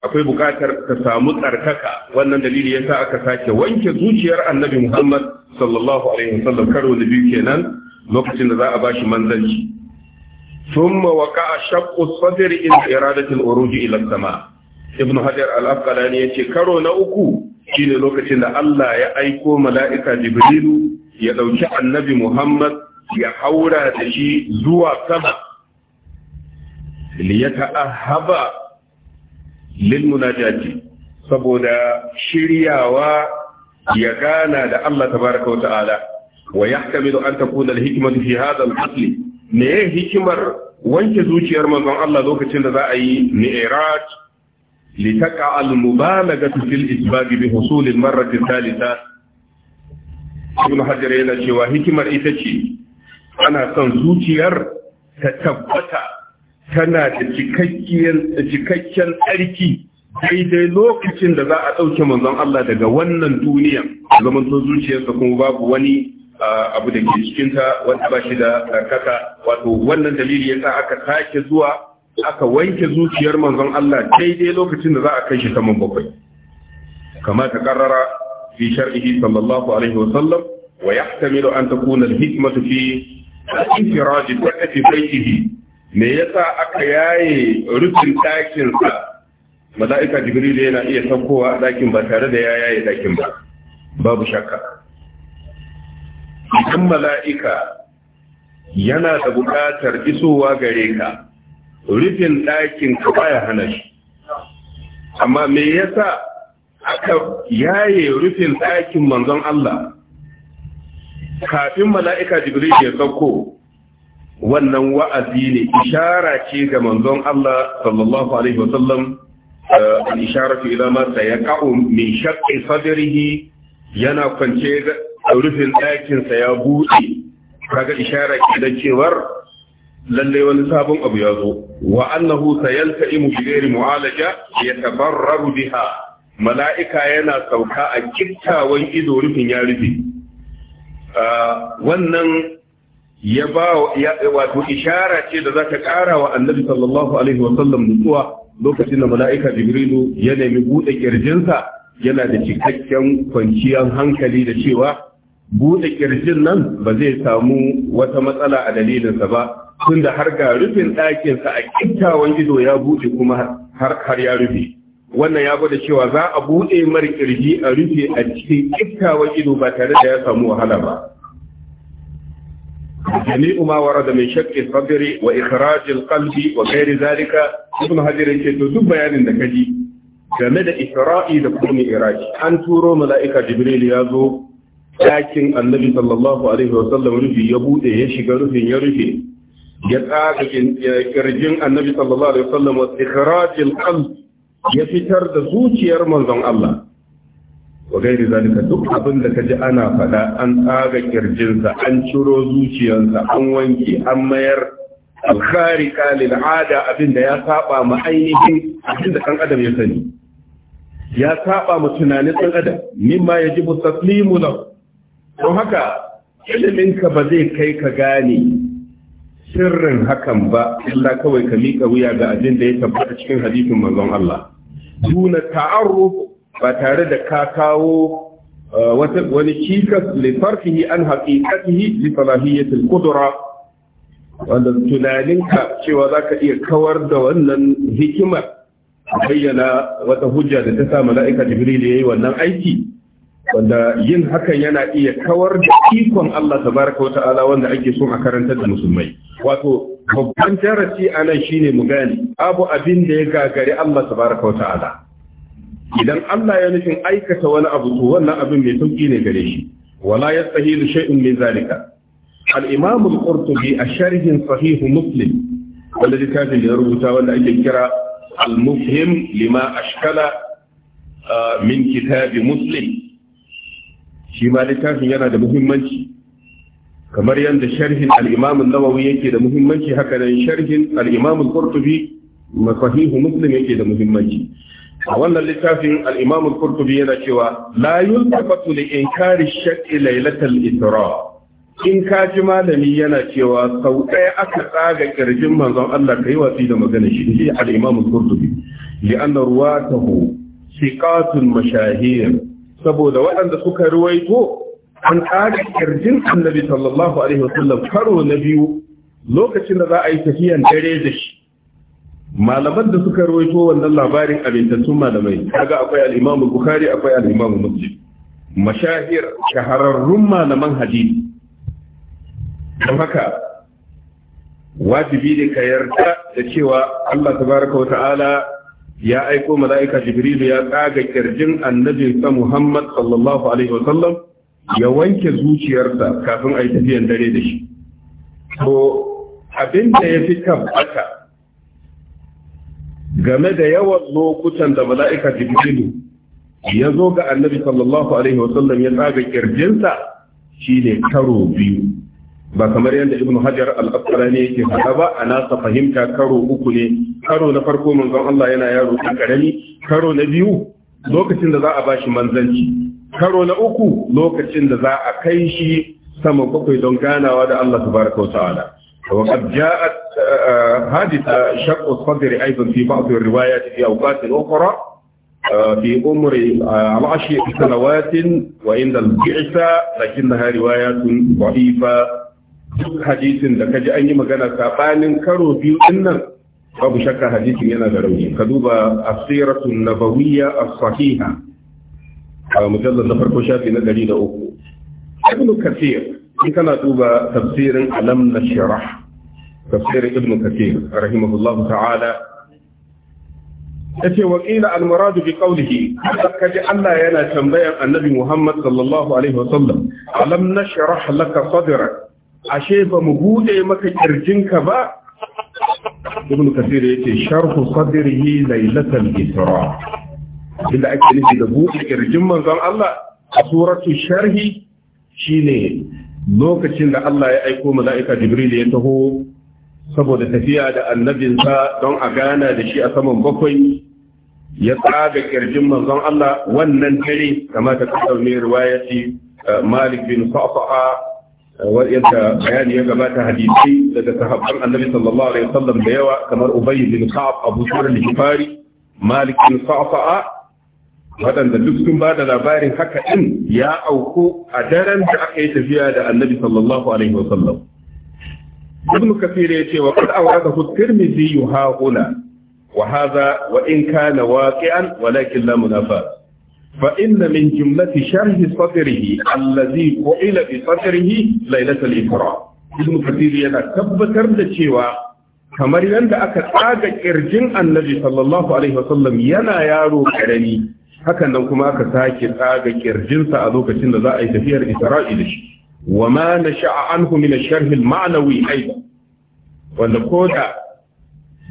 akwai buƙatar ka samu tsarkaka wannan dalili yasa aka sake wanke zuciyar annabi Muhammad sallallahu alaihi wasallam karo na biyu kenan lokacin da za a bashi manzanci thumma waqa'a shaqqu sadri in iradati al-uruj ila as-sama ibn hajar al ya yace karo na uku shine lokacin da Allah ya aiko mala'ika jibrilu ya ɗauki annabi Muhammad ya haura da shi zuwa sama ahaba. lil munajati saboda shiryawa ya gana da Allah tabaraka wa ta'ala wa an takuna al hikmatu fi asli ne hikimar wanke zuciyar manzon Allah lokacin da za a yi mi'raj li taqa al mubalaghatu fil isbag bi husul al marra al thalitha ibn hajar yana cewa hikimar ita ce ana son zuciyar ta tabbata tana da cikakken tsarki daidai lokacin da za a ɗauke manzon Allah daga wannan duniya zaman to zuciyarsa kuma babu wani ah, abu da ke cikinta wanda ba shi da karkata wato wannan dalili ya sa aka sake zuwa aka wanke zuciyar manzon Allah daidai lokacin da za a kai shi saman bakwai kama ta karrara fi shar'ihi sallallahu alaihi wa sallam wa yahtamilu an takuna al-hikmatu fi infiraj al-waqti baytihi me yasa aka yaye rufin ɗakinsa mala'ika jibril yana iya saukowa a ɗakin ba tare da ya yaye ɗakin ba babu shakka idan mala'ika yana da buƙatar isowa gare ka rufin ɗakin ka baya hana shi amma me yasa aka yaye rufin ɗakin manzon Allah kafin mala'ika jibril ya sauko wannan wa'azi ne ishara ce ga manzon Allah sallallahu alaihi wasallam eh, al-isharatu ila ya sayaqa'u min shaqqi sadrihi yana kwance rufin ɗakinsa ya buɗe kaga ishara ke da cewar lalle wani sabon abu ya zo wa annahu sayalta'imu bi ghairi mu'alaja yatabarraru biha mala'ika yana sauka a kittawan ido rufin ya rufe eh, wannan ya ba wato ishara ce da za ta ƙara wa annabi sallallahu alaihi wa sallam nutsuwa lokacin da mala'ika jibrilu ya nemi buɗe kirjinsa yana da cikakken kwanciyar hankali da cewa buɗe kirjin nan ba zai samu wata matsala a dalilinsa ba tunda har ga rufin ɗakinsa a kittawan ido ya buɗe kuma har ya rufe wannan ya gwada cewa za a buɗe mar kirji a rufe a cikin kittawan ido ba tare da ya samu wahala ba جميع ما ورد من شق الصدر وإخراج القلب وغير ذلك ابن حجر يقول duk bayanin da kaji game da Isra'i da kuma Iraki an turo mala'ika Jibril ya zo ɗakin Annabi sallallahu alaihi wa sallam rufi ya bude ya shiga rufin ya rufe ya tsaga kirjin Annabi sallallahu alaihi wa sallam wa ikhrajil qalb ya fitar da zuciyar manzon Allah wa gairi zalika duk abin da ji ana faɗa an tsaga kirjinsa an ciro zuciyarsa an wanke an mayar alkharika lil ada abin da ya saba ma ainihin abin da kan adam ya sani ya saba ma tunanin kan adam mimma yajibu taslimu la don haka ilimin ka ba zai kai ka gane sirrin hakan ba illa kawai ka mika wuya ga abin da ya tabbata cikin hadisin manzon Allah duna ta'arruf ba tare da ka kawo uh, wani cikas lifarfihi an haƙiƙatihi li salahiyyatil qudra wanda tunaninka cewa za ka iya kawar da wannan hikimar bayyana wata hujja da ta sa mala'ika jibril yayi wannan aiki wanda yin hakan yana iya kawar da ikon Allah tabaraka wa ta'ala wanda ake son a karantar da musulmai wato babban darasi a nan shine mu gane abu abin da ya gagari Allah tabaraka wa ta'ala idan Allah ya nufin aikata wani abu to wannan abin mai sauki ne gare shi wala yastahilu shay'un min zalika al-imam al-qurtubi a sharhin sahih muslim wanda littafin ya rubuta wanda ake kira al-mufhim lima ashkala ah, min kitab muslim shi ma littafin yana da muhimmanci kamar yadda sharhin al-imam an-nawawi yake da muhimmanci haka nan sharhin al-imam al-qurtubi masahihu muslim yake da muhimmanci a wannan littafin al-Imam yana cewa la da li inkari shakki lailatul isra in ka ji malami yana cewa sau ɗaya aka tsaga ƙirjin manzon Allah yi watsi da magana shi ne al-Imam al-Qurtubi li anna ruwatahu siqatun mashahiyar. saboda waɗanda suka ruwaito an tsaga kirjin Annabi sallallahu alaihi wasallam karo na biyu lokacin da za a yi tafiyan dare da shi malaman da suka rawaito wannan labarin amintattun malamai kaga akwai al-Imam Bukhari akwai al-Imam Muslim mashahir shahararrun malaman hadisi don haka wajibi ne ka yarda da cewa Allah tabaraka wa ta'ala ya aiko mala'ika Jibrilu ya tsaga kirjin annabinsa Muhammad sallallahu alaihi wa sallam ya wanke zuciyarsa kafin a yi tafiyan dare da shi to abin da ya fi tabbata game da yawan lokutan da mala'ika jibrilu ya zo ga annabi sallallahu alaihi wasallam ya tsaga kirjinsa shine karo biyu ba kamar yadda ibn hajar al-asqalani yake haɗa ba a nasa fahimta karo uku ne karo na farko manzon Allah yana yaro ɗan karami karo na biyu lokacin da za a bashi manzanci karo na uku lokacin da za a kai shi sama kwakwai don ganawa da Allah baraka wa ta'ala وقد جاءت آه، هذه شق الصدر ايضا في بعض الروايات في اوقات اخرى آه، في عمر آه، العشر سنوات وان البعثة لكنها روايات ضعيفة حديث لك أي مغانا سابان كرو بيو إن أبو شك حديث ينا دروني كذوب السيرة النبوية الصحيحة مجلد نفر كشاف ندري أوكو ابن كثير in kana duba tafsirin alam na shirah tafsirin ibn kathir rahimahullahu ta'ala yace ce waƙila al murad bi qawlihi haka ji Allah yana tambayan annabi Muhammad sallallahu alaihi wasallam alam nashrah laka sadrak ashe ba mu buɗe maka ƙirjinka ba ibn kathir yace sharhu sadrihi lailatul isra inda ake nufi da buɗe ƙirjin manzon Allah a suratu sharhi shine lokacin da Allah ya aiko mala'ika Jibril ya taho saboda tafiya da annabinsa don a gana da shi a saman bakwai ya tsaga kirjin manzon Allah wannan dare kamata ta ɗaune riwayati eh, Malik bin Sa'fa'a yadda eh, bayani ya gabata hadisi daga sahabban annabi sallallahu alaihi wasallam da yawa kamar Ubay bin Ka'ab Abu Shurr al-Hifari Malik bin Sa'fa'a waɗanda duk sun ba da labarin haka ɗin ya auku a daren da aka yi tafiya da annabi sallallahu alaihi wa sallam. Ibn Kafir ya ce wa qad awradahu Tirmidhi yuhauna wa hadha wa in kana waqi'an walakin la munafa. Fa inna min jumlati sharhi sadrihi allazi qila bi sadrihi laylat isra Ibn Kafir yana tabbatar da cewa kamar yadda aka tsaga kirjin annabi sallallahu alaihi wasallam yana yaro karami hakan nan kuma aka sake tsaga kirjinsa a lokacin da za a yi tafiyar isra'i da shi wa ma na sha'a an min ma'anawi aida wanda ko da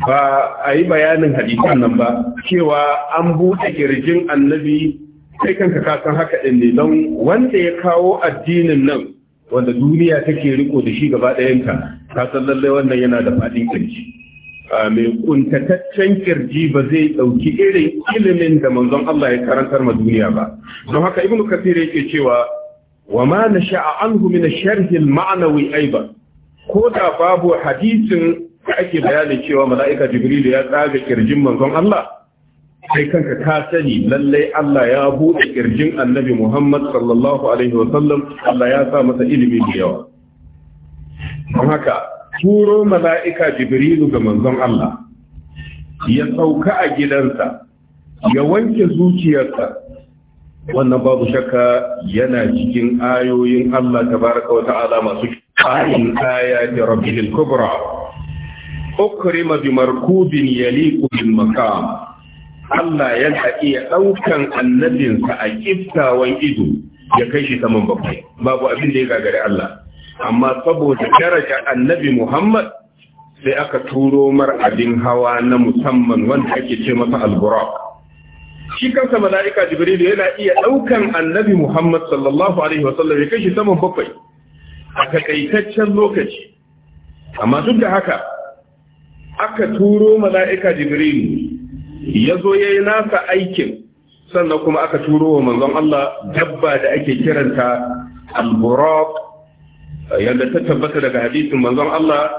ba a yi bayanin hadisan nan ba cewa an buɗe kirjin annabi kai kanka ka san haka din ne don wanda ya kawo addinin nan wanda duniya take riko da shi gaba ɗayanka ka san lallai wannan yana da faɗin kirji Ah, mai kuntataccen kirji ba zai ɗauki irin ilimin da manzon Allah ya karantar ma duniya ba don haka ibnu ya yake cewa wa ma nasha'a anhu min ash-sharh al-ma'nawi aidan ko da babu hadisin da ake bayani cewa mala'ika jibril ya tsaga kirjin manzon Allah sai kanka ka sani lallai Allah ya buɗe kirjin annabi Muhammad sallallahu alaihi wa sallam Allah ya sa masa ilimi da yawa don haka turo mala'ika jibrilu ga manzon Allah ya sauka a gidansa ya wanke zuciyarsa wannan babu shakka yana cikin ayoyin Allah tabaraka wa ta'ala masu ƙarin kaya da rabbil kubra ukrima bi markubin yaliqu bil maqam Allah yana iya ɗaukan annabinsa a kiftawan ido ya kai shi saman bakwai babu abin da ya gagari Allah amma saboda daraja annabi Muhammad sai aka turo mar abin hawa na musamman wanda ake ce masa al-buraq shi kansa mala'ika jibril yana iya daukan annabi Muhammad sallallahu alaihi wasallam kai shi saman bakwai a takaitaccen lokaci amma duk da haka aka turo mala'ika jibril ya zo yayi nasa aikin sannan kuma aka turo wa manzon Allah dabba da ake kiranta al-buraq yadda ta tabbata daga hadisin manzon Allah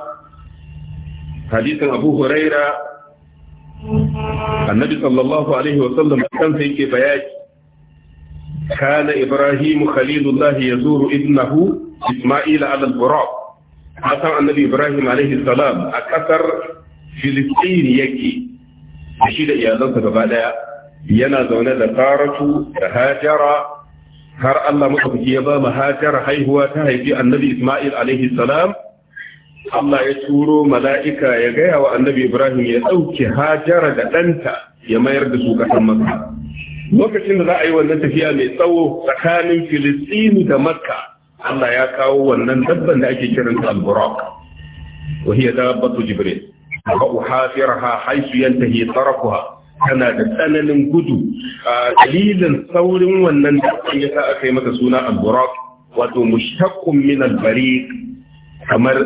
hadisin Abu Huraira annabi sallallahu alaihi wasallam kansa yake bayani kana Ibrahim khalilullah yazuru ibnahu Isma'il ala al-Buraq annabi Ibrahim alaihi salam a ƙasar Filistin yake shi iyalansa gaba ɗaya yana zaune da Saratu da Hajara har Allah madaukaki ya ba mu hajar haihuwa ta haifi annabi Isma'il alaihi salam Allah ya turo mala'ika ya gaya wa annabi Ibrahim ya ɗauke hajara da ɗanta ya mayar da su ƙasar Makka. Lokacin da za a yi wannan tafiya mai tsawo tsakanin Filistinu da Makka, Allah ya kawo wannan dabban da ake kiran Al-Buraq. Wahiyar dabbatu Jibril, ba ha haisu yantahi tsarakuha. tana da tsananin gudu a dalilin saurin wannan da aka yi sa aka yi masa suna al-buraq wato mushtaqqun min al bari kamar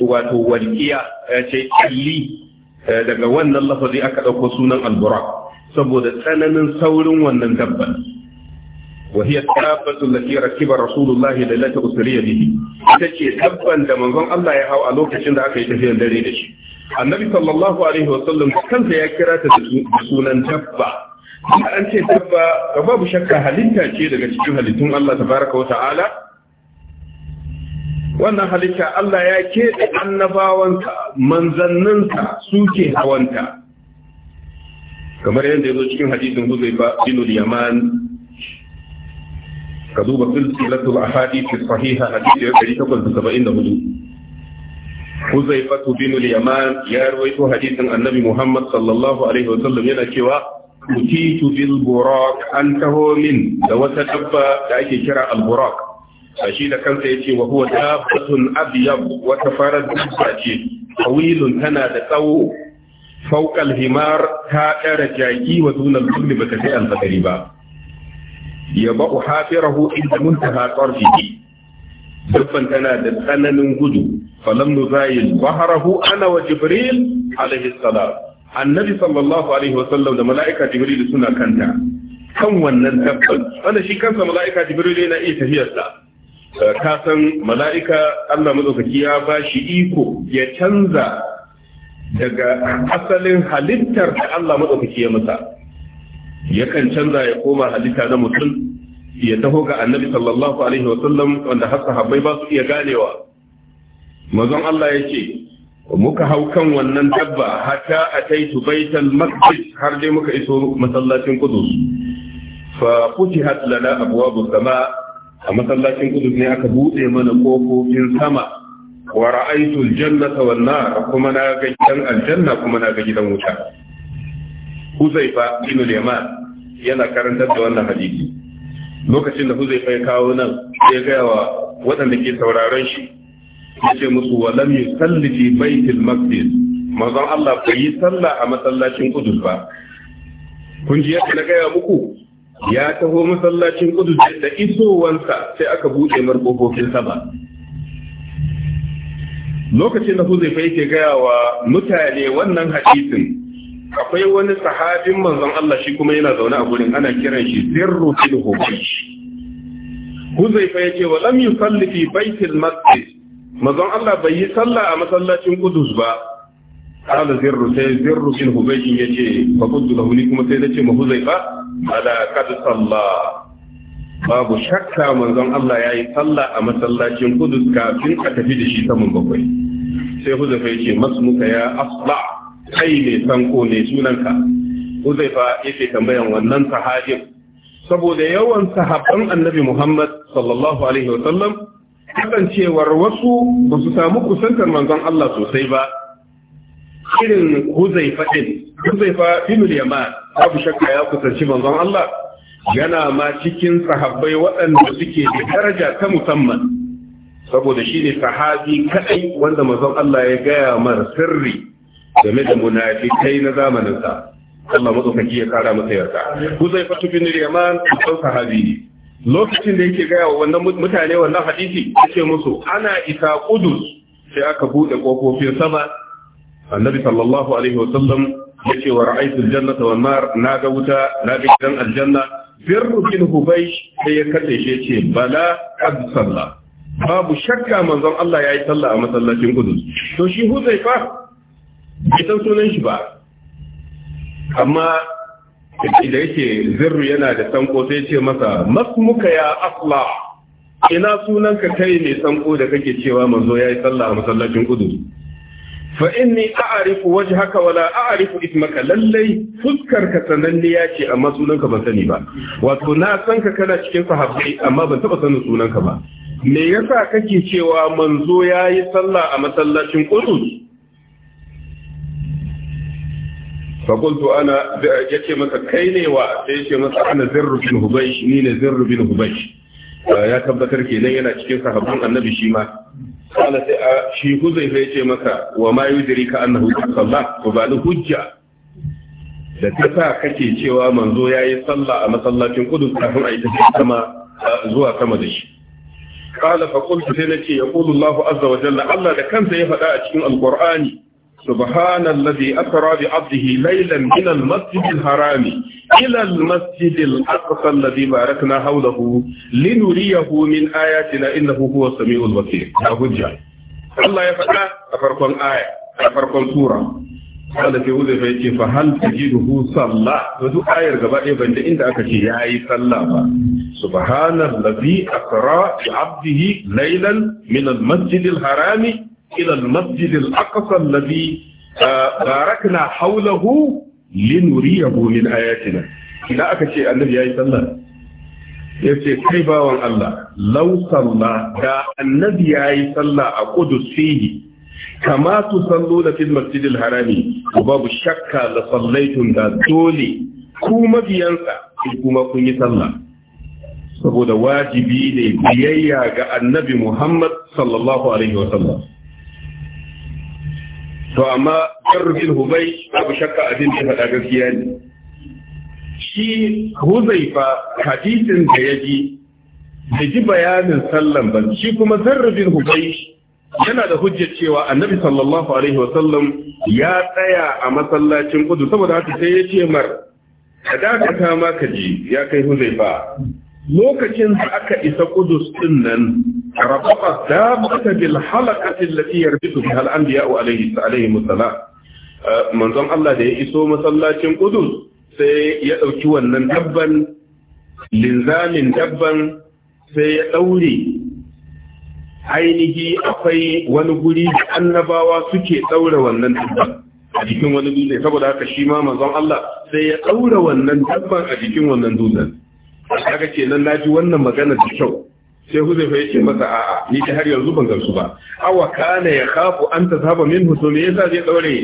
wato walqiya ya ce kalli eh, daga wannan lafazi aka dauko sunan al saboda tsananin saurin wannan dabban وهي الدابة التي ركب رسول الله ليلة أسرية به تجي دبا da manzon Allah ya hau a lokacin da aka yi tafiyar dare da shi annabi sallallahu alaihi wasallam kansa ya kira ta da sunan dabba da an ce dabba ga babu shakka halitta ce daga cikin halittun Allah tabaraka wa ta'ala wannan halitta Allah ya keɓe annabawanka manzanninsa suke hawanta kamar yadda ya zo cikin hadisin Huzaifa bin Yaman ka duba silsilatul ahadith sahiha hadith 1874 Huzaifatu bin yaman ya rawaito hadisin Annabi Muhammad sallallahu alaihi wasallam yana cewa utitu bil burak an taho min da wata dabba da ake kira al burak shi da kansa yace wa huwa dabbatun abyad wata farar dabba ce tawilun tana da tsawo fawqa al himar ta dara jaki wa dun al kulli bata kai al ba ya ba'u hafirahu inda muntaha tarfihi dabban tana da tsananin gudu falam nuzayil baharahu ana wa jibril alaihi salam annabi sallallahu alaihi wasallam da mala'ika jibril suna kanta kan wannan dabban wanda shi kansa mala'ika jibril yana iya tafiyarsa eh, ka san mala'ika Allah madaukaki ya bashi iko ya canza daga asalin halittar da Allah madaukaki ya masa yakan canza ya koma halitta na mutum ya taho ga annabi sallallahu alaihi wa sallam wanda har sahabbai ba su iya ganewa mazan Allah ya ce muka hau kan wannan dabba hatta ataitu baitan maqdis har dai muka iso masallacin Kudu. fa futihat lana abwabu sama a masallacin Kudu ne aka bude mana kofofin sama wa ra'aytu aljannata wan nar kuma na ga gidan aljanna kuma na ga gidan wuta Huzaifa bin Yaman yana karantar da wannan hadisi lokacin da huzai ya kawo nan ya gaya wa waɗanda ke sauraron shi ya ce musu wa lam yusalli fi baitil maqdis manzon Allah bai yi sallah a masallacin Qudus ba kun ji yadda na gaya muku ya taho masallacin Qudus da isowansa sai aka buɗe markofofin sama lokacin da kai yake gaya wa mutane wannan hadisin akwai wani sahabin manzon Allah shi kuma yana zaune a gurin ana kiran shi Zirru fil hubaysh huzaifa yace wa lam yusalli fi baitil masjid manzon Allah bai yi sallah a masallacin Qudus ba qala Zirru sai sirru fil hubaysh yace fa qultu lahu kuma sai nace ma huzaifa ala kad sallah babu shakka manzon Allah yayi sallah a masallacin Qudus kafin a tafi da shi saman bakwai sai huzaifa yace masmuka ya asla kai ne sanko ne sunanka huzaifa yake tambayan wannan sahabin saboda yawan sahabban Annabi Muhammad sallallahu alaihi wasallam kasancewar wasu ba su samu kusantar manzon Allah sosai ba irin Huzaifa din Huzaifa ibn Yaman babu shakka ya kusanci manzon Allah yana ma cikin sahabbai waɗanda suke da daraja ta musamman saboda shi ne sahabi kaɗai wanda mazan Allah ya gaya mar sirri game da munafikai na zamanin sa Allah madaukaki ya kara masa yarda Huzai fatu bin Yaman dan lokacin da yake gaya wa wannan mutane wannan hadisi yake musu ana isa Qudus sai aka bude kofofin sama Annabi sallallahu alaihi wasallam yake wa ra'aytu al wan nar na ga wuta na ga gidan aljanna birru bin sai ya kace shi yace bala qad sallah. babu shakka manzon Allah yayi sallah a masallacin Qudus to shi Huzaifa bai san sunan shi ba amma da yake zirru yana da sanko sai ce masa masmuka ya asla ina sunanka kai mai sanko da kake cewa manzo yayi sallah a masallacin kudu fa inni a'rifu wajhaka wala a'rifu ismaka lallai fuskar ka ya ce amma sunanka ban sani ba wato na san ka kana cikin sahabbai amma ban taba sanin sunanka ba me yasa kake cewa manzo yayi sallah a masallacin kudu fakultu ana ya ce masa kai ne wa sai ce masa ana zirru bin hubaish ni ne zirru bin hubaish ah, ya tabbatar nan yana cikin sahabban annabi shi ma kala sai a ah, shi huzaifa ya ce maka wa ma ka annahu sallah wa ba hujja da ta sa kake cewa manzo ya yi sallah a masallacin kudu kafin a yi sama zuwa sama da shi kala fa sai nace yaqulu Allahu azza wa jalla Allah da kansa ya faɗa a cikin Alkur'ani. سبحان الذي أسرى بعبده ليلا من المسجد الحرام إلى المسجد الأقصى الذي باركنا حوله لنريه من آياتنا إنه هو السميع البصير هجة الله يفتح أفرقون آية أفرقون سورة قال في وذي فهل تجده صلى ودو آية غباء بند إنت أكشي يا صلى سبحان الذي أسرى بعبده ليلا من المسجد الحرام إلى المسجد الأقصى الذي باركنا حوله لنريه من آياتنا إلى أكشي النبي عليه الصلاة yace kai bawan Allah law salla da annabi yayi sallah a Qudus fihi kama tu sallu da fil harami babu shakka la sallaitun da dole ku mabiyansa kuma kun yi sallah saboda wajibi ne biyayya ga annabi Muhammad sallallahu alaihi sallam. to amma jarrubin hubai babu shakka abin da faɗa gaskiya ne shi huzaifa hadisin da ya ji da ji bayanin sallan ba shi kuma zarrabin hubai yana da hujjar cewa annabi sallallahu alaihi sallam ya tsaya a masallacin kudu saboda haka sai ya ce mar ka dakata ma ka ji ya kai huzaifa lokacin da aka isa kudus din nan rabata dabata bil halaqati allati yarbitu biha al anbiya wa alayhi alayhi musallam eh, manzon Allah da ya iso masallacin kudus sai ya dauki wannan dabban linzamin dabban sai ya daure ainihi akwai wani guri da annabawa suke daura wannan dabban a jikin wani dutse saboda haka shi ma manzon Allah sai ya daura wannan dabban a jikin wannan dutsen kaga kenan naji wannan magana da kyau sai huzaifa yake masa a'a ni ta har yanzu ban gamsu ba awa kana ya khafu an ta zaba min to me yasa zai daure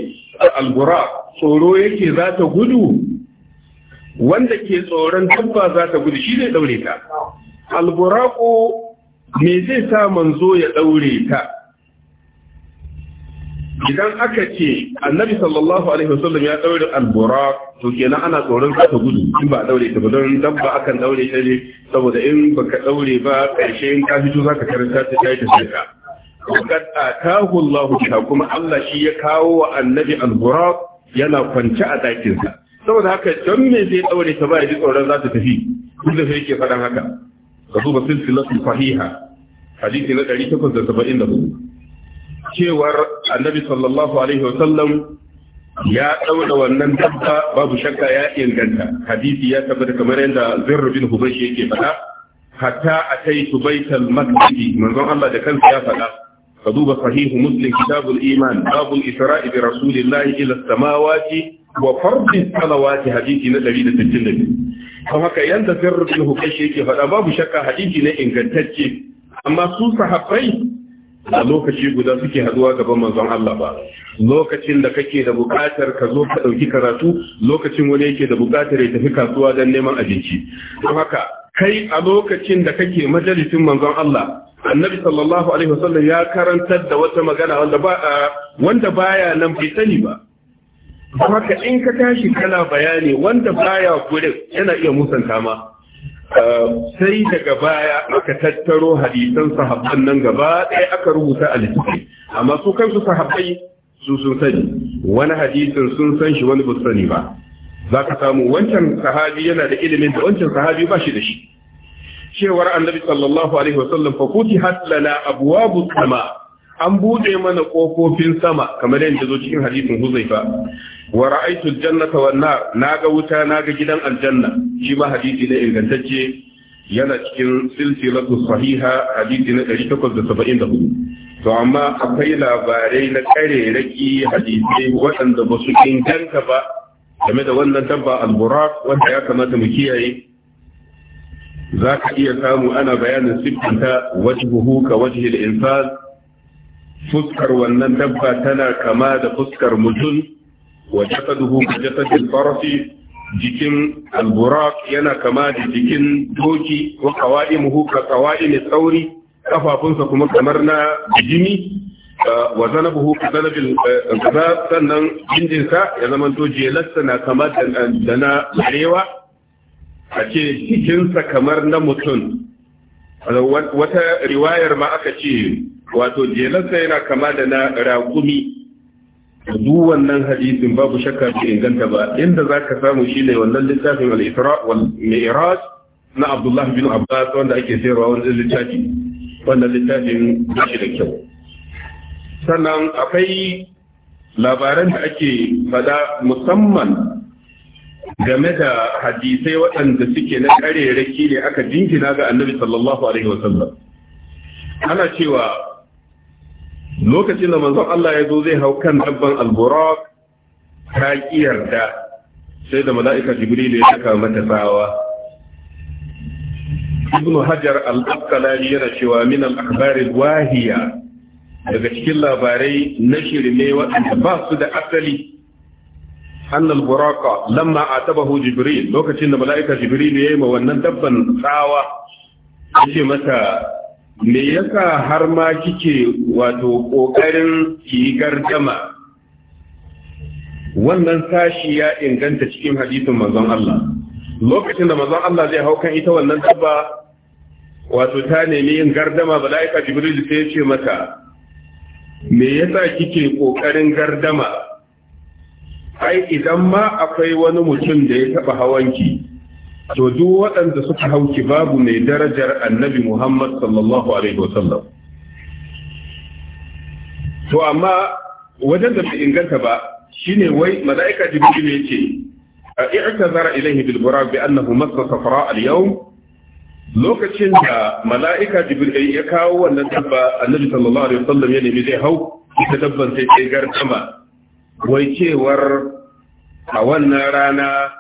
albura tsoro yake za ta gudu wanda ke tsoron tabba za ta gudu shi zai daure ta alburaku me zai sa manzo ya daure ta idan aka ce annabi sallallahu alaihi wasallam ya daure albura to kenan ana tsoron ka gudu in ba daure ta ba don ba akan daure ta ne saboda in baka daure ba karshe in ka fito zaka karanta ta tayi ta sirka kad atahu Allah ta kuma Allah shi ya kawo wa annabi albura yana kwance a dakin sa saboda haka don me zai daure ta ba ya ji tsoron za ta tafi duk da yake faɗan haka ka duba silsilatu sahiha hadisi na 874 cewar annabi sallallahu alaihi sallam ya daura wannan dabba babu shakka ya inganta hadisi ya tabbata kamar yadda zirr bin hubashi yake faɗa hatta ataitu baital maqdisi manzon Allah da kansa ya faɗa ka duba sahihu muslim kitabul iman babul isra'i bi rasulillahi ila samawati wa fardi salawati hadisi na 162 kuma haka yanda zirr bin hubashi yake faɗa babu shakka hadisi ne ingantacce amma su sahabbai a lokaci guda suke haduwa gaban manzon Allah ba lokacin da kake da bukatar ka zo ka dauki karatu lokacin wani yake da bukatar ya tafi kasuwa don neman abinci don haka kai a lokacin da kake majalisin manzon Allah annabi sallallahu alaihi wasallam ya karantar da wata magana wanda ba wanda baya nan bai sani ba don haka in ka tashi kana bayani wanda baya gurin yana iya musanta ma Ehm, sai daga baya aka tattaro hadisan sahabban nan gaba ɗaya aka rubuta a littafi amma su kansu sahabbai su sun sani wani hadisin sun san shi wani basu sani ba za ka samu wancan sahabi yana da ilimin da wancan sahabi ba shi da shi cewar annabi sallallahu alaihi wasallam fa futihat lana abwabu sama an buɗe mana kofofin sama kamar yadda zo cikin hadisin Huzaifa wa ra'aytul jannata wan nar naga wuta naga gidan aljanna shi ma hadisi ne ingantacce yana cikin silsilatu sahiha hadisi na 874 to amma akwai labarai na kareraki hadisi waɗanda ba su inganta ba game da wannan tabba al-buraq wanda ya kamata mu kiyaye za ka iya samu ana bayanin siffanta wajhuhu ka wajhi al fuskar wannan dabba tana kama da fuskar mutum wa jasaduhu ka jasadil farasi jikin alburak yana kama da jikin doki wa qawaimuhu ka qawaimi tsauri kafafunsa kuma kamar na jimi eh, wa zanabuhu ka eh, sannan jinjinsa ya zama to jelarsa na kama da na arewa a ce jikinsa kamar na mutum wata riwayar ma aka ce wato jelarsa yana kama da na raƙumi duk wannan hadisin babu shakka bai inganta ba inda za ka samu shi ne wannan littafin al-isra wal mi'raj na Abdullah bin Abbas wanda ake sayarwa wani littafi wannan littafin ba shi da kyau sannan akwai labaran da ake fada musamman game da hadisai waɗanda suke na ƙarerake ne aka jinkina ga annabi sallallahu alaihi wasallam ana cewa lokacin da manzon Allah ya zo zai hau kan dabban al-buraq ta kiyarta sai da mala'ika jibril ya saka mata tsawa ibn hajar al-asqalani yana cewa min al-akhbar al-wahiya daga cikin labarai na shirme waɗanda ba su da asali أن البراق لما عاتبه جبريل لو كتن ملائكة جبريل يما ونن دبا ساوى يجي متى me yasa har ma kike wato ƙoƙarin yi gardama wannan sashi ya inganta cikin hadisin manzon Allah lokacin da manzon Allah zai hau kan ita wannan dabba wato ta nemi yin gardama bala'ika jibril sai ya ce mata me yasa kike ƙoƙarin gardama ai idan ma akwai wani mutum da ya taɓa hawanki to duk waɗanda suka hauki babu mai darajar annabi Muhammad sallallahu alaihi wasallam to amma wajen da bai inganta ba shine wai mala'ika jibril ne ce i'tazara ilayhi bil buraq bi annahu massa safra al Yau, lokacin da mala'ika jibril ya kawo wannan dabba annabi sallallahu alaihi wasallam ya nemi zai hau ita dabban sai sai garkama wai cewar a wannan rana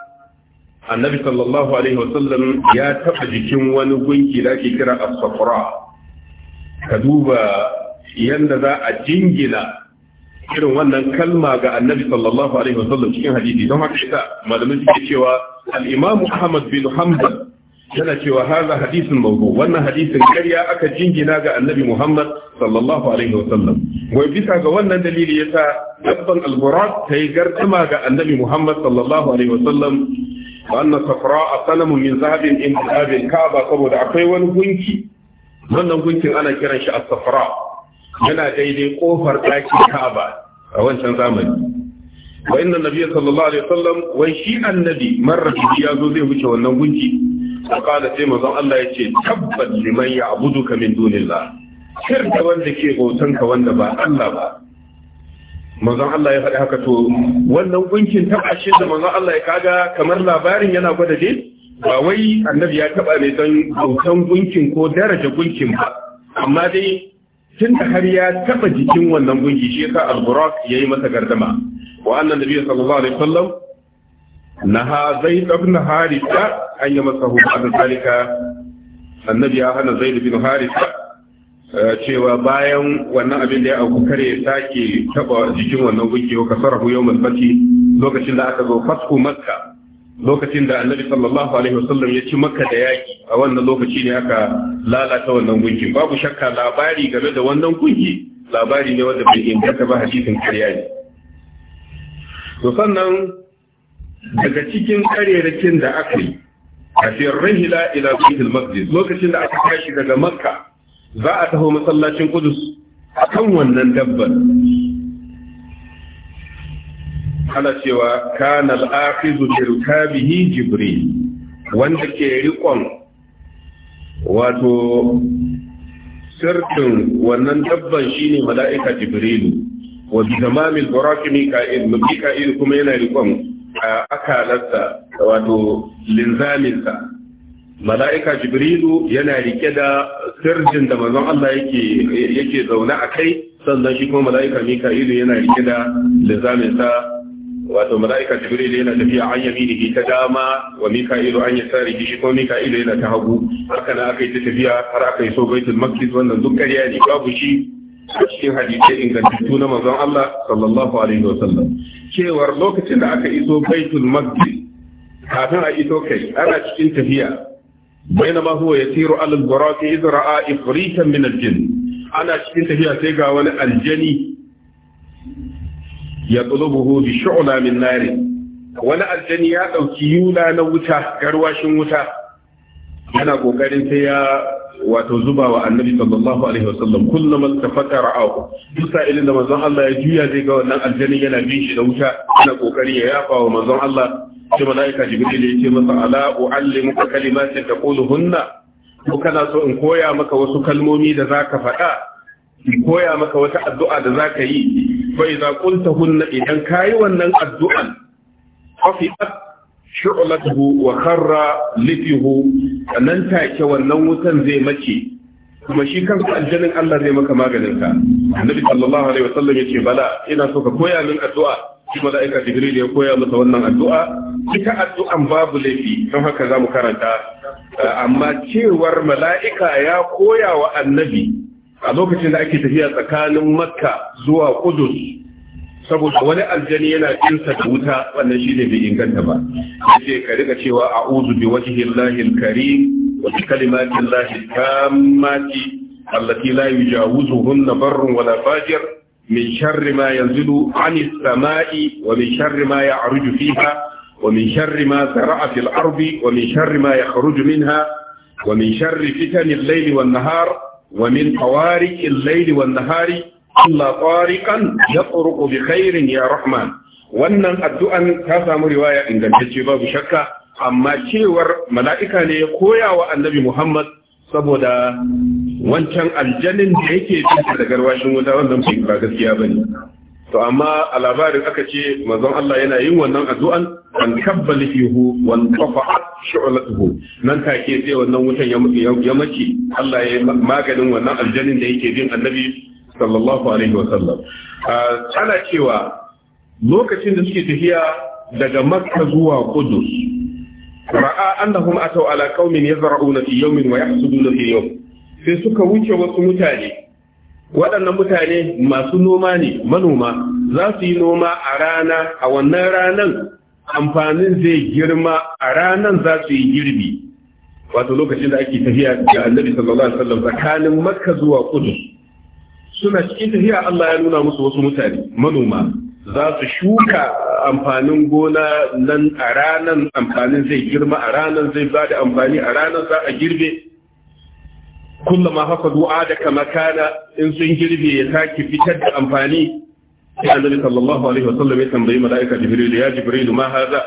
annabi sallallahu alaihi wasallam ya taba jikin wani gunki da ake kira as-safra ka duba yanda za a jingina irin wannan kalma ga annabi sallallahu alaihi wasallam cikin hadisi don haka ita malamin suke cewa al-imamu Ahmad bin Hanbal yana cewa haza hadisin mawdu wannan hadisin karya aka jingina ga annabi Muhammad sallallahu alaihi wasallam wai bisa ga wannan dalili yasa dabban al-burat tayi gardama ga annabi Muhammad sallallahu alaihi wasallam a صفراء min من ذهب إن ذهب كعبة saboda akwai wani gunki wannan gunkin ana kiran shi a safra yana daidai kofar ɗakin Ka'aba a wancan zamani wa inna nabiyya sallallahu alaihi wasallam wai shi annabi marra bi ya zo zai wuce wannan gunki kada sai manzon Allah ya ce tabbat liman ya'buduka min dunillah shirka wanda ke bautanka wanda ba Allah ba manzon Allah ya faɗi haka to wannan gunkin taba shi da manzon Allah ya kaga kamar labarin yana gwada dai ba wai annabi ya taba ne don bautan gunkin ko daraja gunkin ba amma dai tun da har ya taba jikin wannan gunki shi yasa al-buraq yayi masa gardama wa annan nabi sallallahu alaihi wasallam naha zaid ibn haritha an yamasahu ba'da zalika annabi ya hana zaid ibn haritha Eh, cewa bayan wannan abin da ya auku kare sake taba jikin wannan gunki ka sarafu yau malfati lokacin da aka zo fasku makka lokacin da annabi sallallahu alaihi wasallam ya ci makka da yaki a wannan lokaci ne aka lalata wannan gunki babu shakka labari game da wannan gunki labari ne wanda bai inganta ba hadisin karya ne to sannan daga cikin karerakin da aka yi a firar hila ila baitul maqdis lokacin da aka tashi daga makka za a taho masallacin kudus a kan wannan dabbar ana cewa kana al'afizu bi rukabihi jibril wanda ke rikon wato sirrin wannan dabban shine mala'ika jibrilu wa bi tamamil buraki mika'il mika'il kuma yana rikon akalarsa wato linzaminsa mala'ika jibrilu yana rike da sirjin da mazan Allah yake zaune a kai sannan shi kuma mala'ika mika'ilu yana rike da lizaminsa. sa wato mala'ika jibrilu yana tafiya an yaminihi ta dama wa mika'ilu an yasarihi shi kuma mika'ilu yana ta hagu haka na aka yi ta tafiya har aka yi so baitul maqdis wannan duk ƙarya ne babu shi a cikin hadisai ingantattu na mazan Allah sallallahu alaihi wa sallam cewar lokacin da aka iso baitul maqdis kafin a iso kai ana cikin tafiya bainama huwa yasiru ala al-buraq idh ra'a ifritan min ana cikin tafiya sai ga wani aljani ya tulubuhu bi shu'la min nar wani aljani ya ɗauki yula na wuta garwashin wuta yana kokarin sai ya wato zuba wa annabi sallallahu alaihi wasallam kullum tafata ra'ahu duk sa'ilin da manzon Allah ya juya zai ga wannan aljani yana bin shi da wuta yana kokari ya yafa wa manzon Allah sai mala'ika jibril ya ce masa ala uallimuka kalimatin taquluhunna ko kana so in koya maka wasu kalmomi da zaka faɗa in koya maka wata addu'a da zaka yi fa idza qultahunna idan kayi wannan addu'an fafi'at shu'latuhu wa kharra lifihu nan take wannan wutan zai mace kuma shi kan aljanin Allah zai maka maganin ka annabi sallallahu alaihi wasallam yace bala ina so ka koya min addu'a shi mala'ika jibril ya koya masa wannan addu'a ita addu'an babu laifi don haka zamu karanta amma cewar mala'ika ya koya wa annabi a lokacin da ake tafiya tsakanin makka zuwa kudus saboda wani aljani yana jinsa da wuta wannan shi ne bai inganta ba yace ka rika cewa a'udhu bi wajhi llahi karim wa bi kalimati llahi tammati allati la yujawizuhunna barrun wala fajir min sharri ma yanzilu anis sama'i wa min ya ma ya'ruju fiha wa min sharri ma zara'a fil ardi wa min sharri ma yakhruju minha wa min sharri fitani al-layli wan nahar wa min tawariqi al ya rahman wannan addu'an ta samu riwaya ingantacce babu shakka amma cewar mala'ika ne ya koya wa annabi Muhammad saboda wancan aljanin da yake bisa da garwashin wuta wannan bai ba gaskiya bane to amma a labarin aka ce manzon Allah yana yin wannan addu'an an kabbala fihu wan tafa'at shu'latuhu nan take sai wannan wutan ya mace Allah ya maganin wannan aljanin da yake bin annabi sallallahu alaihi wa sallam ana cewa lokacin da suke tafiya daga Makka zuwa Qudus ra'a annahum ataw ala qaumin yazra'una fi yawmin wa yahsuduna fi yawm sai suka wuce wasu mutane waɗannan mutane masu noma ne manoma za su yi noma a rana a wannan ranan amfanin zai girma a ranan za su yi girbi wato lokacin da ake tafiya da annabi sallallahu alaihi wasallam tsakanin makka zuwa kudu suna cikin tafiya Allah ya nuna musu wasu mutane manoma za su shuka amfanin gona nan a ranan amfanin zai girma a ranan zai ba da amfani a ranan za a girbe kullum ma haka du'a da kama kana in sun girbe ya sake fitar da amfani annabi sallallahu alaihi ya tambayi mala'ika jibril ya jibril ma haza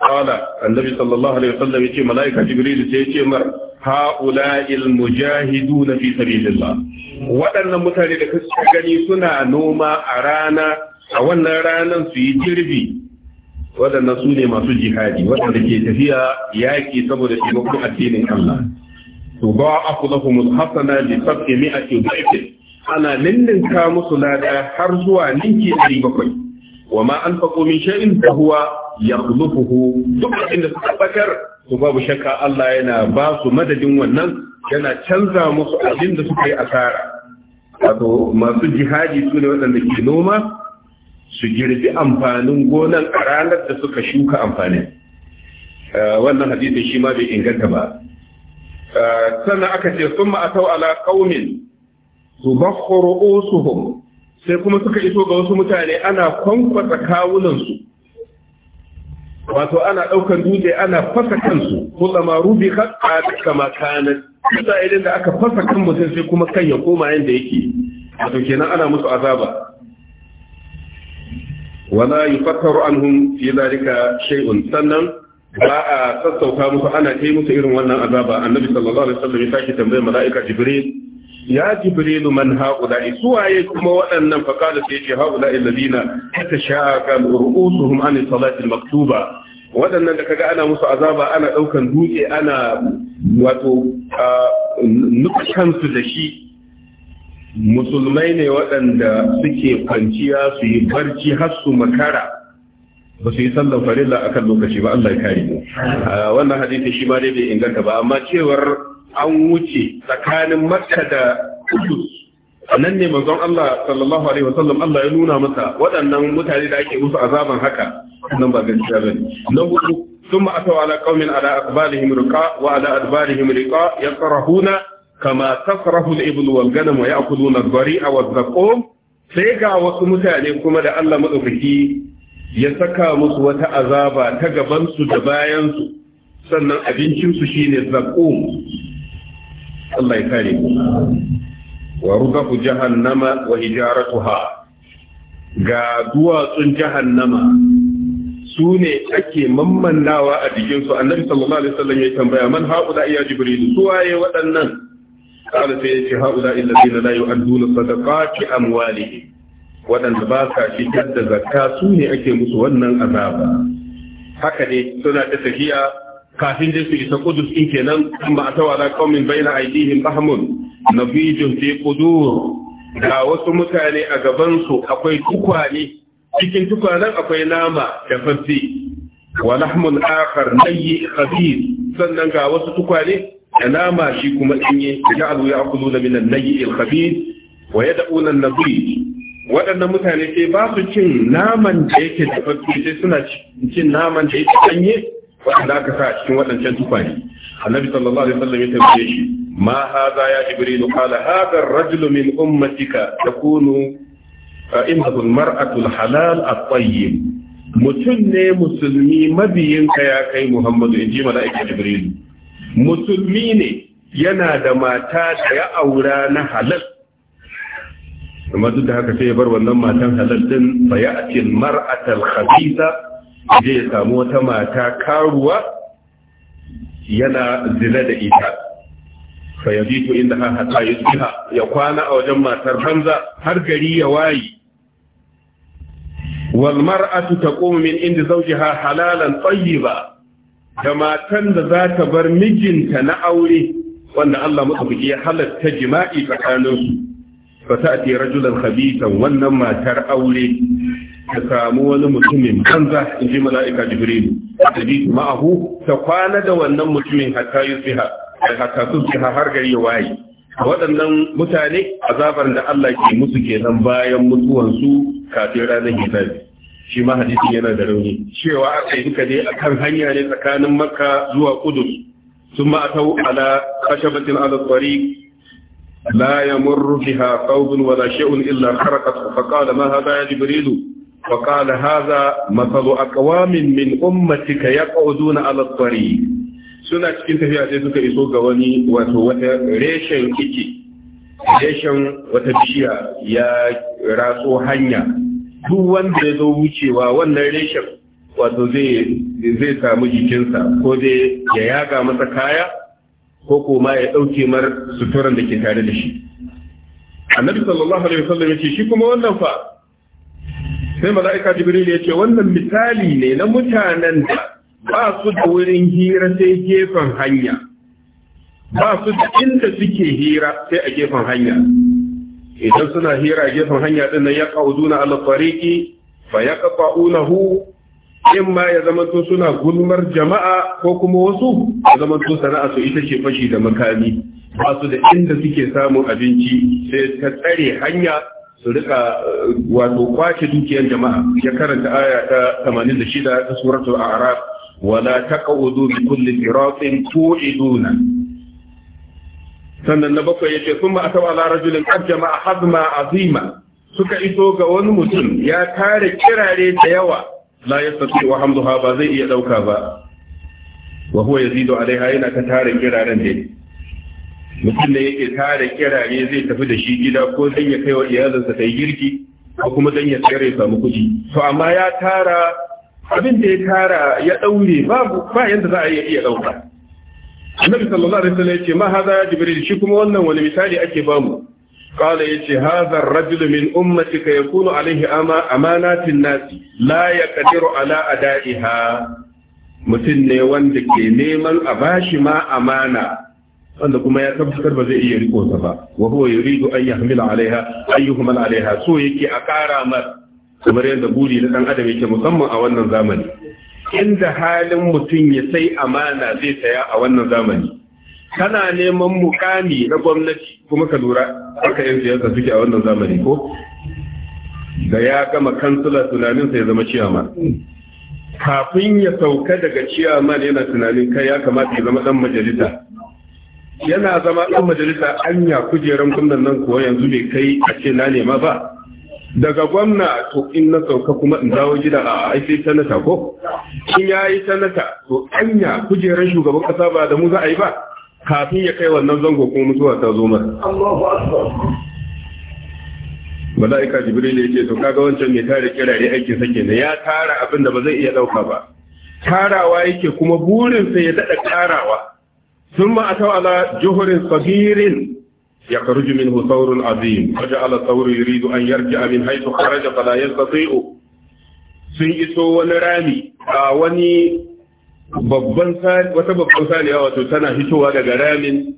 qala annabi sallallahu alaihi wasallam yace mala'ika jibril sai mar ha'ula'il fi sabilillah waɗannan mutane da kake gani suna noma a rana a wannan ranar su yi girbi waɗannan su ne masu jihadi waɗanda ke tafiya yaƙi saboda taimakon addinin Allah to ba a kula kuma hasana bi sab'i mi'ati dhaifin ana ninninka musu lada har zuwa ninki bakwai wa ma faƙo min shay'in fa huwa yakhlufuhu duk inda suka tabbatar to babu shakka Allah yana ba su madadin wannan yana canza musu abin da suka yi asara wato masu jihadi su ne waɗanda ke noma su girbi amfanin gonan a ranar da suka shuka amfani. wannan hadisi shi ma bai inganta ba sannan aka ce sun ma'atau ala ƙaunin su osuhun sai kuma suka iso ga wasu mutane ana kwankwasa kawunansu wato ana ɗaukar dutse ana fasa kansu ko tsama rubi haƙa da kama kanan idan da aka fasa kan mutum sai kuma kan ya koma yadda yake wato kenan ana musu azaba wala yufakkaru anhum fi zalika shay'un sannan ba a sassauta musu ana kai musu irin wannan azaba annabi sallallahu alaihi wasallam ya sake tambayar mala'ika jibril ya jibrilu man haula suwaye kuma waɗannan fakala sai ce haula alladina tashaka ru'usuhum an salati maktuba waɗannan da kaga ana musu azaba ana ɗaukan dutse ana wato nukansu da shi musulmai ne waɗanda suke kwanciya su yi barci har su makara ba su yi sallan farilla a kan lokaci ba Allah ya kare mu ah, wannan hadisi shi ma dai bai inganta ba amma cewar an wuce tsakanin makka da kudus nan ne manzon Allah sallallahu alaihi wasallam Allah ya nuna masa waɗannan mutane da ake musu azaban haka nan ba gaskiya bane na hudu ثم أتوا على قوم على أقبالهم رقاء وعلى أدبارهم رقاء يقرهون kama tafrahu al-ibl wal ganam wa ya'kuluna adh-dhari'a wadh-dhaqum sai ga wasu mutane kuma da Allah madaukaki ya saka musu wata azaba ta gabansu da bayansu sannan abincinsu shi ne zaqum Allah ya kare mu wa rudahu jahannama wa hijaratuha ga duwatsun jahannama su ne ake mammannawa a jikinsu annabi sallallahu alaihi wasallam ya tambaya man haula iya jibril su waye waɗannan قال في هؤلاء الذين لا يؤدون صدقات اموالهم ودن باسا شكر da zakka sune ake musu wannan azaba haka ne suna ta tafiya kafin da su isa Kudu din kenan kan ba ta wala qawmin baina aydihim rahmun nabijun fi qudur da wasu mutane a gaban su akwai tukwane cikin tukwanen akwai nama da fatsi wa lahmun akhar nayy khabir sannan ga wasu tukwane da nama shi kuma ɗanye ya abu ya kudu da minan nayi ilhabis wa ya na nabi waɗannan mutane sai ba su cin naman da yake da fafi sai suna cin naman da yake ɗanye waɗanda aka sa a cikin waɗancan tukwane annabi sallallahu alaihi wasallam ya tambaye shi ma ya jibril qala hadha ar-rajul min ummatika takunu imratu al-mar'atu al-halal at-tayyib mutum ne musulmi mabiyin ka ya kai muhammadu inji mala'ika jibril musulmi ne yana da mata da ya aura na halal kuma duk da haka sai ya bar wannan matan halal din fa ya'ti mar'atal khabitha je ya samu wata mata karuwa yana zina da ita fa yabitu inda ha hata yusbiha ya kwana a wajen matar banza har gari ya wayi wal mar'atu taqumu min inda zawjiha halalan tayyiba da matan da za ta bar mijinta na aure wanda Allah maɗaukaki ya halatta jima'i tsakaninsu ba ta ake rajulan khabisan wannan matar aure ta samu wani mutumin kanza, in ji mala'ika jibrilu ta bi ma'ahu ta kwana da wannan mutumin hatta yusbiha hatta har gari ya waye waɗannan mutane azabar da Allah ke musu kenan bayan mutuwansu kafin ranar hisabi shi ma hadisi yana da rauni cewa aka yi duka dai akan hanya ne tsakanin makka zuwa kudus sun tau ala kashabatin ala tsari la ya murru ha qawdun wala sha'un illa kharaqat fa qala ma haza ya jibril fa haza hadha a aqwamin min ummatika yaquduna ala tsari suna cikin tafiya sai suka iso ga wani wato wata reshen kici reshen wata bishiya ya raso hanya duk wanda ya zo wucewa wannan reshen wato zai samu jikinsa ko zai ya yaga masa kaya ko kuma ya ɗauke mar suturan da ke tare da shi annabi sallallahu alaihi wasallam ya ce shi kuma wannan fa sai mala'ika jibril ya ce wannan misali ne na mutanen da ba su da wurin hira sai gefen hanya ba su da inda suke hira sai a gefen hanya idan suna hira gefen hanya din nan yaqauduna ala tariqi fa yaqta'unahu in ma ya zamanto suna gulmar jama'a ko kuma wasu ya to sana'a su ita ce fashi da makami ba su da inda suke samun abinci sai ta tsare hanya su rika eh, wato kwace dukiyar jama'a ya karanta aya ta 86 ta suratul a'raf wala taqudu bi kulli siratin tu'iduna sannan na bakwai yace kuma atau ala rajulin qad jama'a hazma azima suka iso ga wani mutum ya tare kirare da yawa la yastati wa hamduha ba zai iya dauka ba wa huwa yazidu alaiha yana ta tare kiraren da mutum da yake tare kirare zai tafi da shi gida ko zai ya kai wa iyalinsa ta yi girki ko kuma zan ya tsere samu kuɗi to amma ya tara abin da ya tara ya ɗaure babu ba yanda za a iya iya ɗauka annabi sallallahu alaihi wasallam yace ma hada jibril shi kuma wannan wani misali ake bamu qala yace hadha ar-rajul min ummatika yakunu alaihi ama amanatin nas la yaqdiru ala ada'iha mutum ne wanda ke neman a bashi ma amana wanda kuma ya tabbatar ba zai iya riko ta ba wa huwa yuridu an yahmila alaiha ayyuhum alaiha so yake a kara mar kamar yadda buri na dan adam yake musamman a wannan zamani inda halin mutum ya sai amana zai saya a wannan zamani kana neman mukami na gwamnati kuma ka lura aka yin siyasa suke a wannan zamani ko da ya gama kansula tunaninsa ya zama ciyama kafin ya sauka daga ciyama yana tunanin kai ya kamata ya zama dan majalisa yana zama dan majalisa anya kujeran kunnan nan kuwa yanzu bai kai a ce na nema ba daga gwamna to in na sauka kuma in dawo gida a aiki sanata ko in ya yi sanata to anya kujerar shugaban kasa ba da mu za a yi ba kafin ya kai wannan zango kuma mutuwa ta zo mata mala'ika jibril ya ce to kaga wancan mai tare kirare aikin sake ne. ya tara abin da ba zai iya dauka ba tarawa yake kuma burin sai ya dada tarawa sun ma ala juhurin sabirin يخرج منه ثور عظيم فجعل الثور يريد أن يرجع من حيث خرج فلا يستطيع sun iso wani rami a wani babban wata babban saniya wato tana hitowa daga ramin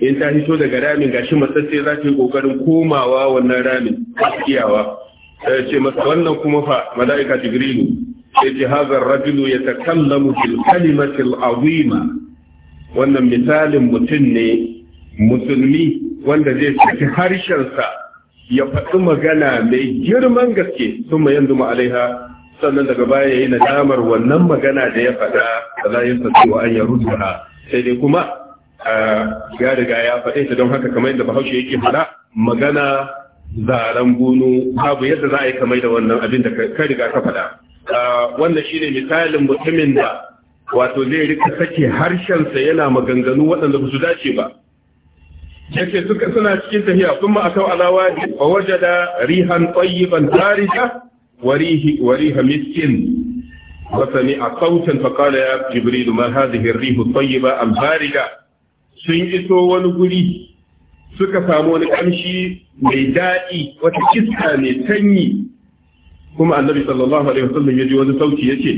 in ta hito daga ramin gashi matsatse za ta yi kokarin komawa wannan ramin iyawa sai ce masa wannan kuma fa mala'ika jibrilu sai ce hazar rajulu ya takallamu bil kalimatil azima wannan misalin mutum ne musulmi wanda zai saki harshensa ya faɗi magana mai girman gaske sun ma yanzu ma'alaiha sannan daga baya ya yi nadamar wannan magana da ya faɗa da za yi sassuwa an ya sai dai kuma ya riga ya faɗe ta don haka kamar yadda bahaushe yake faɗa magana zaren bunu babu yadda za a yi kamar da wannan abin da ka riga ka faɗa wannan shine misalin mutumin da wato zai rika sake harshensa yana maganganu waɗanda ba su dace ba yake suka suna cikin tafiya sun ma akau alawa fa wajada rihan tayyiban tarija wa rihi wa riha miskin wa sami'a sautan fa qala ya jibril ma hadhihi ar-rihu tayyiba am barida sun iso wani guri suka samu wani kamshi mai daɗi wata iska mai sanyi kuma annabi sallallahu alaihi wasallam ya ji wani sauti yace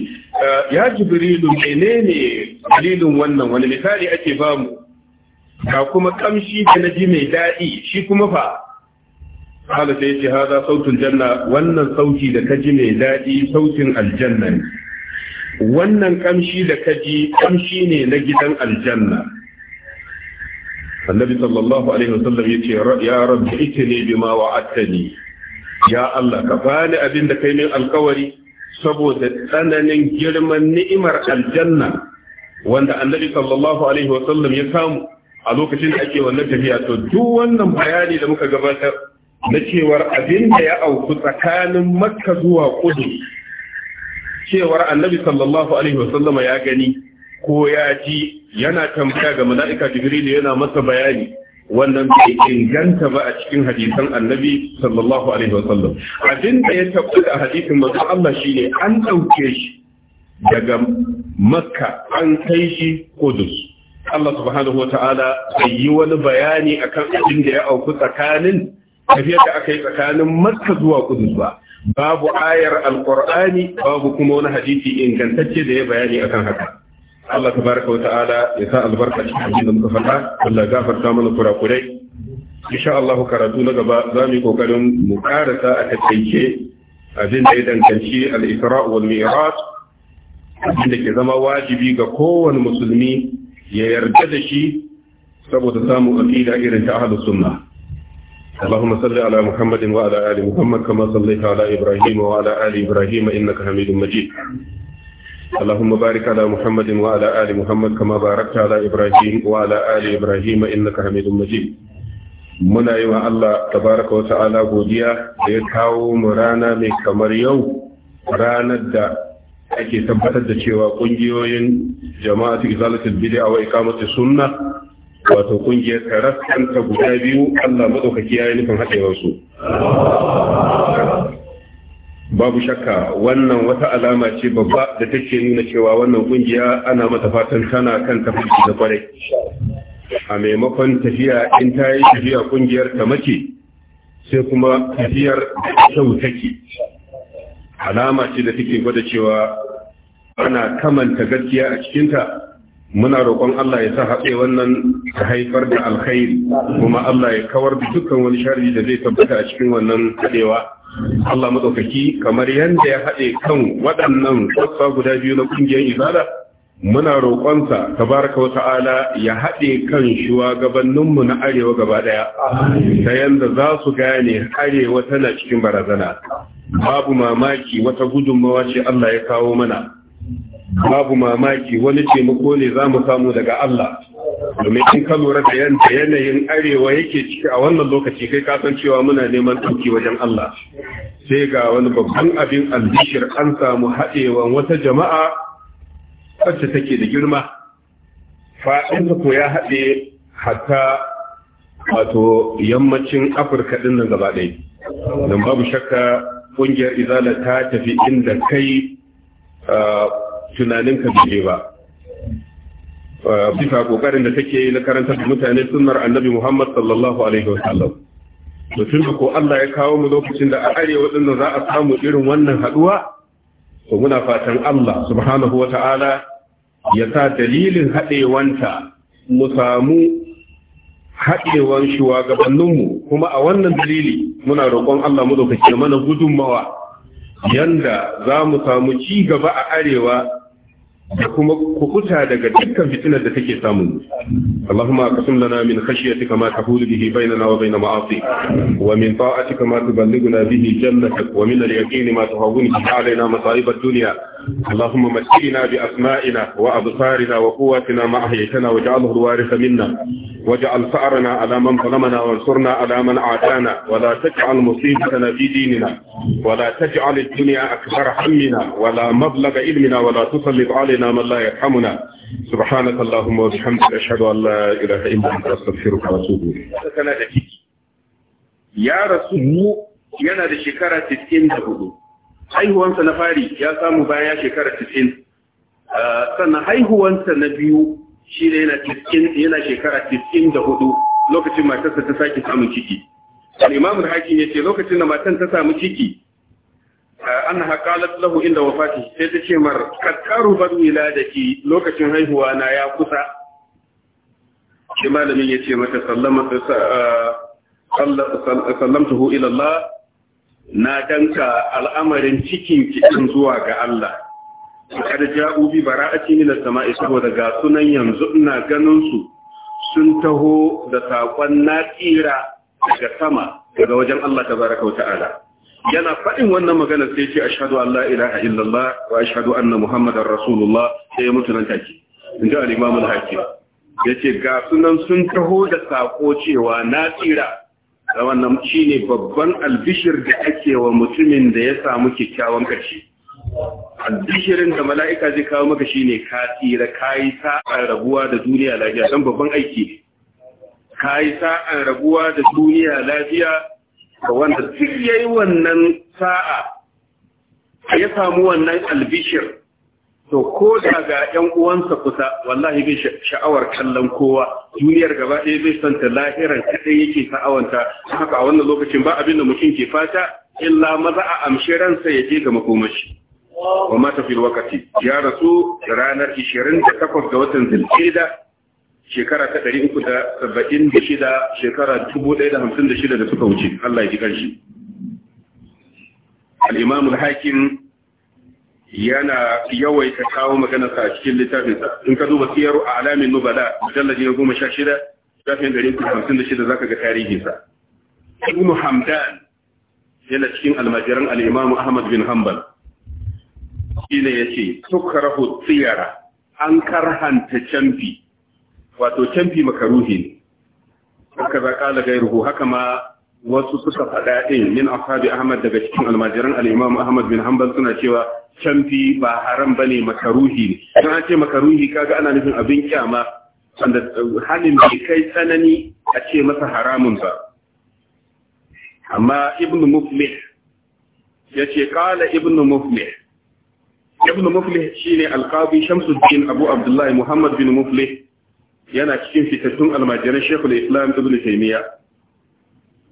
ya jibril menene dalilin wannan wani misali ake bamu ga kuma kamshi da naji mai daɗi shi kuma fa qala sai ce hada sautin janna wannan sauti da ji mai daɗi sautin aljanna ne wannan kamshi da ji, kamshi ne na gidan aljanna annabi sallallahu alaihi wasallam yace ya rabbi itini bima wa'adtani ya Allah ka bani abin da kai min alkawari saboda tsananin girman ni'imar aljanna wanda annabi sallallahu alaihi wasallam ya samu a lokacin da ake wannan tafiya to duk wannan bayani da muka gabatar na cewar abin da ya auku tsakanin makka zuwa kudu cewar annabi sallallahu alaihi wasallama ya gani ko ya ji yana tambaya ga mala'ika jibrilu yana masa bayani wannan bai inganta ba a cikin hadisan annabi sallallahu alaihi wasallam abin da ya tabbata a hadisin manzo Allah shine an dauke shi daga makka an kai shi kudus Allah subhanahu wata'ala bai yi wani bayani akan abin da ya auku tsakanin tafiyar da aka yi tsakanin maka zuwa Kudus ba babu ayar alqur'ani babu kuma wani hadisi ingantacce da ya bayani akan haka Allah tabaraka wata'ala ya sa albarka cikin abin da muka faɗa Allah gafarta mana kurakurai insha Allah karatu na gaba za mu yi kokarin mu karasa a taƙaice abin da ya danganci al-Isra wal Mi'raj abin da ke zama wajibi ga kowane musulmi ya yarda da shi saboda samun aqida irin ta ahlus sunna muna yi Allah tabaaraka wa godiya da ya kawo mu rana mai kamar yau ranar da ake tabbatar da cewa kungiyoyin jama'atu izalatul bid'a wa iqamatu sunna wato kungiyar ta guda biyu Allah madaukaki yayi nufin hadewar su babu shakka wannan wata alama ce babba da take nuna cewa wannan kungiya ana mata fatan tana kan tafiya da kwarai a maimakon tafiya in ta yi tafiya kungiyar ta mace sai kuma tafiyar ta take alama ce da take gwada cewa ana kamanta gaskiya a cikinta muna roƙon Allah ya sa haɗe wannan ta haifar da alkhairi kuma Allah ya kawar da dukkan wani sharri da zai tabbata a cikin wannan haɗewa Allah maɗaukaki kamar yadda ya haɗe kan waɗannan sassa guda biyu na ƙungiyar izala muna roƙonsa tabaraka wa ta'ala ya haɗe kan shugabanninmu na arewa gaba ɗaya ta yadda za su gane arewa tana cikin barazana babu mamaki wata gudunmawa ce Allah ya kawo mana babu mamaki wani taimako ne za mu samu daga Allah domin in ka lura da yanta yanayin arewa yake ciki a wannan lokaci kai kasan cewa muna neman ɗauki wajen Allah sai ga wani babban abin albishir an samu haɗewan wata jama'a wacce take da girma fa'in ko ya haɗe hatta wato yammacin afirka ɗin nan gaba ɗaya don babu shakka ƙungiyar izala ta tafi inda kai tunaninka bai ba bisa kokarin da take yi na karanta da mutane sunnar annabi Muhammad sallallahu alaihi wasallam to tun ko Allah ya kawo mu lokacin da a arewa da za a samu irin wannan haɗuwa? to muna fatan Allah subhanahu ta'ala ya sa dalilin haɗewanta mu samu hadewan shuwagabanninmu. kuma a wannan dalili muna roƙon Allah mu dauke mana gudunmawa yanda za mu samu ci gaba a arewa da kuma kukuta daga dukkan fitinar da take samu Allahumma aqsim lana min khashyatika ma tahulu bihi bainana wa bain ma'asik wa min ta'atika ma tuballighuna bihi jannatak wa min al-yaqini ma tuhawwinu bihi alaina masa'ib ad-dunya اللهم مسكينا بأسمائنا وأبصارنا وقواتنا ما أحييتنا واجعله الوارث منا واجعل فأرنا على من ظلمنا وانصرنا على من عادانا ولا تجعل مصيبتنا في ديننا ولا تجعل الدنيا أكبر همنا ولا مبلغ علمنا ولا تسلط علينا من لا يرحمنا سبحانك اللهم وبحمدك أشهد أن لا إله إلا أنت أستغفرك وأتوب إليك يا رسول yana da shekara 64 haihuwansa na fari ya samu bayan shekara 90 ah, sannan haihuwansa na biyu shi ne yana shekara 94 lokacin matarsa ta sake samun ciki Limamin haƙi ya ce lokacin da matan ta samu ciki ah, an haƙalar lahu inda wafati sai ta ce mar kakkaru bar ke lokacin haihuwa na ya kusa shi malamin ya ce mata ah, sallamta hu ilallah na danka al'amarin cikin kiɗin zuwa ga Allah kada ja'u bi bara'ati min as-sama'i saboda ga sunan yanzu ina ganin su sun taho da sakon na tsira daga sama daga wajen Allah tabaraka wa ta'ala yana faɗin wannan magana sai ce ashhadu an la ilaha illallah wa ashhadu anna muhammadar rasulullah sai ya mutu nan take inji al-imam al-hakim yace ga sunan sun taho da sako cewa na tsira wannan shi ne babban albishir da ake wa mutumin da ya samu kyakkyawan karshe albishirin da mala'ika zai kawo maka shi ne ka tsira ka yi sa'an rabuwa da duniya lafiya don babban aiki ka yi sa'an rabuwa da duniya lafiya ga wanda duk yi wannan sa'a ya samu wannan albishir to ko da ga ‘yan uwansa kusa wallahi bai sha'awar kallon kowa duniyar gaba ɗaya bai santa lahiran kaɗai yake sa'awanta haka a wannan lokacin ba abin da mutum ke fata illa maza a amshi ransa ya je ga makomashi wa mata fil wakati ya rasu ranar 28 ga watan zilkeda shekara ta 376 shekara 1056 da suka wuce Allah ya ji ƙarshe al al hakim yana yawaita kawo maganarsa a cikin littafinsa in ka duba siyaru a alamin nubala mujallaji na goma sha shida shafin ɗari uku hamsin da shida zaka ga tarihinsa ibnu hamdan yana cikin almajiran al'imamu ahmad bin hanbal shine ya ce sukarahu tsiyara an karhanta canfi wato canfi makaruhi ne haka za ƙala haka ma wasu suka faɗa ɗin min ashabi Ahmad daga cikin almajiran al Ahmad bin Hanbal suna cewa canfi ba haram ne makaruhi ne don an ce makaruhi kaga ana nufin abin kyama wanda eh, halin bai kai tsanani a ce masa haramun ba amma ibn muflih ya ce kala ibn muflih ibn muflih shine alqabi shamsuddin abu abdullahi muhammad bin muflih yana cikin fitattun almajiran shekul islam ibnu taimiyya.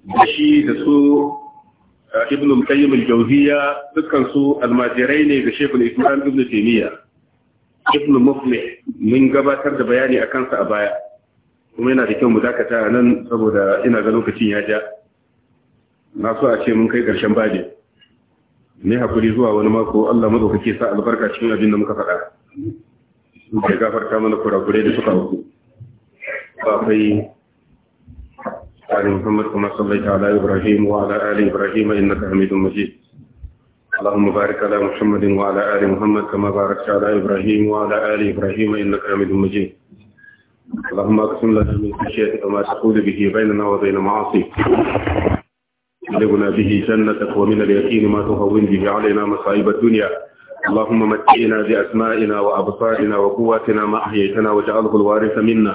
da da su uh, ibn al-qayyim al-jawziya dukkan su almajirai ne ga shekul islam ibn taymiya ibn muflih mun gabatar da bayani akan sa a baya kuma yana da kyau mu dakata nan saboda ina ga lokacin ya ja na so a ce mun kai karshen baje ne hakuri zuwa wani mako Allah madaukake sa albarka cikin abin da muka faɗa da gafarta mana kurakurai da suka auku ba kai آل محمد كما صليت على إبراهيم وعلى آل إبراهيم إنك حميد مجيد اللهم بارك على محمد وعلى آل محمد كما باركت على إبراهيم وعلى آل إبراهيم إنك حميد مجيد اللهم اقسم لنا من خشيتك ما تقول به بيننا وبين معاصيك بلغنا به جنتك ومن اليقين ما تهون به علينا مصائب الدنيا اللهم متعنا بأسمائنا وأبصارنا وقواتنا ما أحييتنا واجعله الوارث منا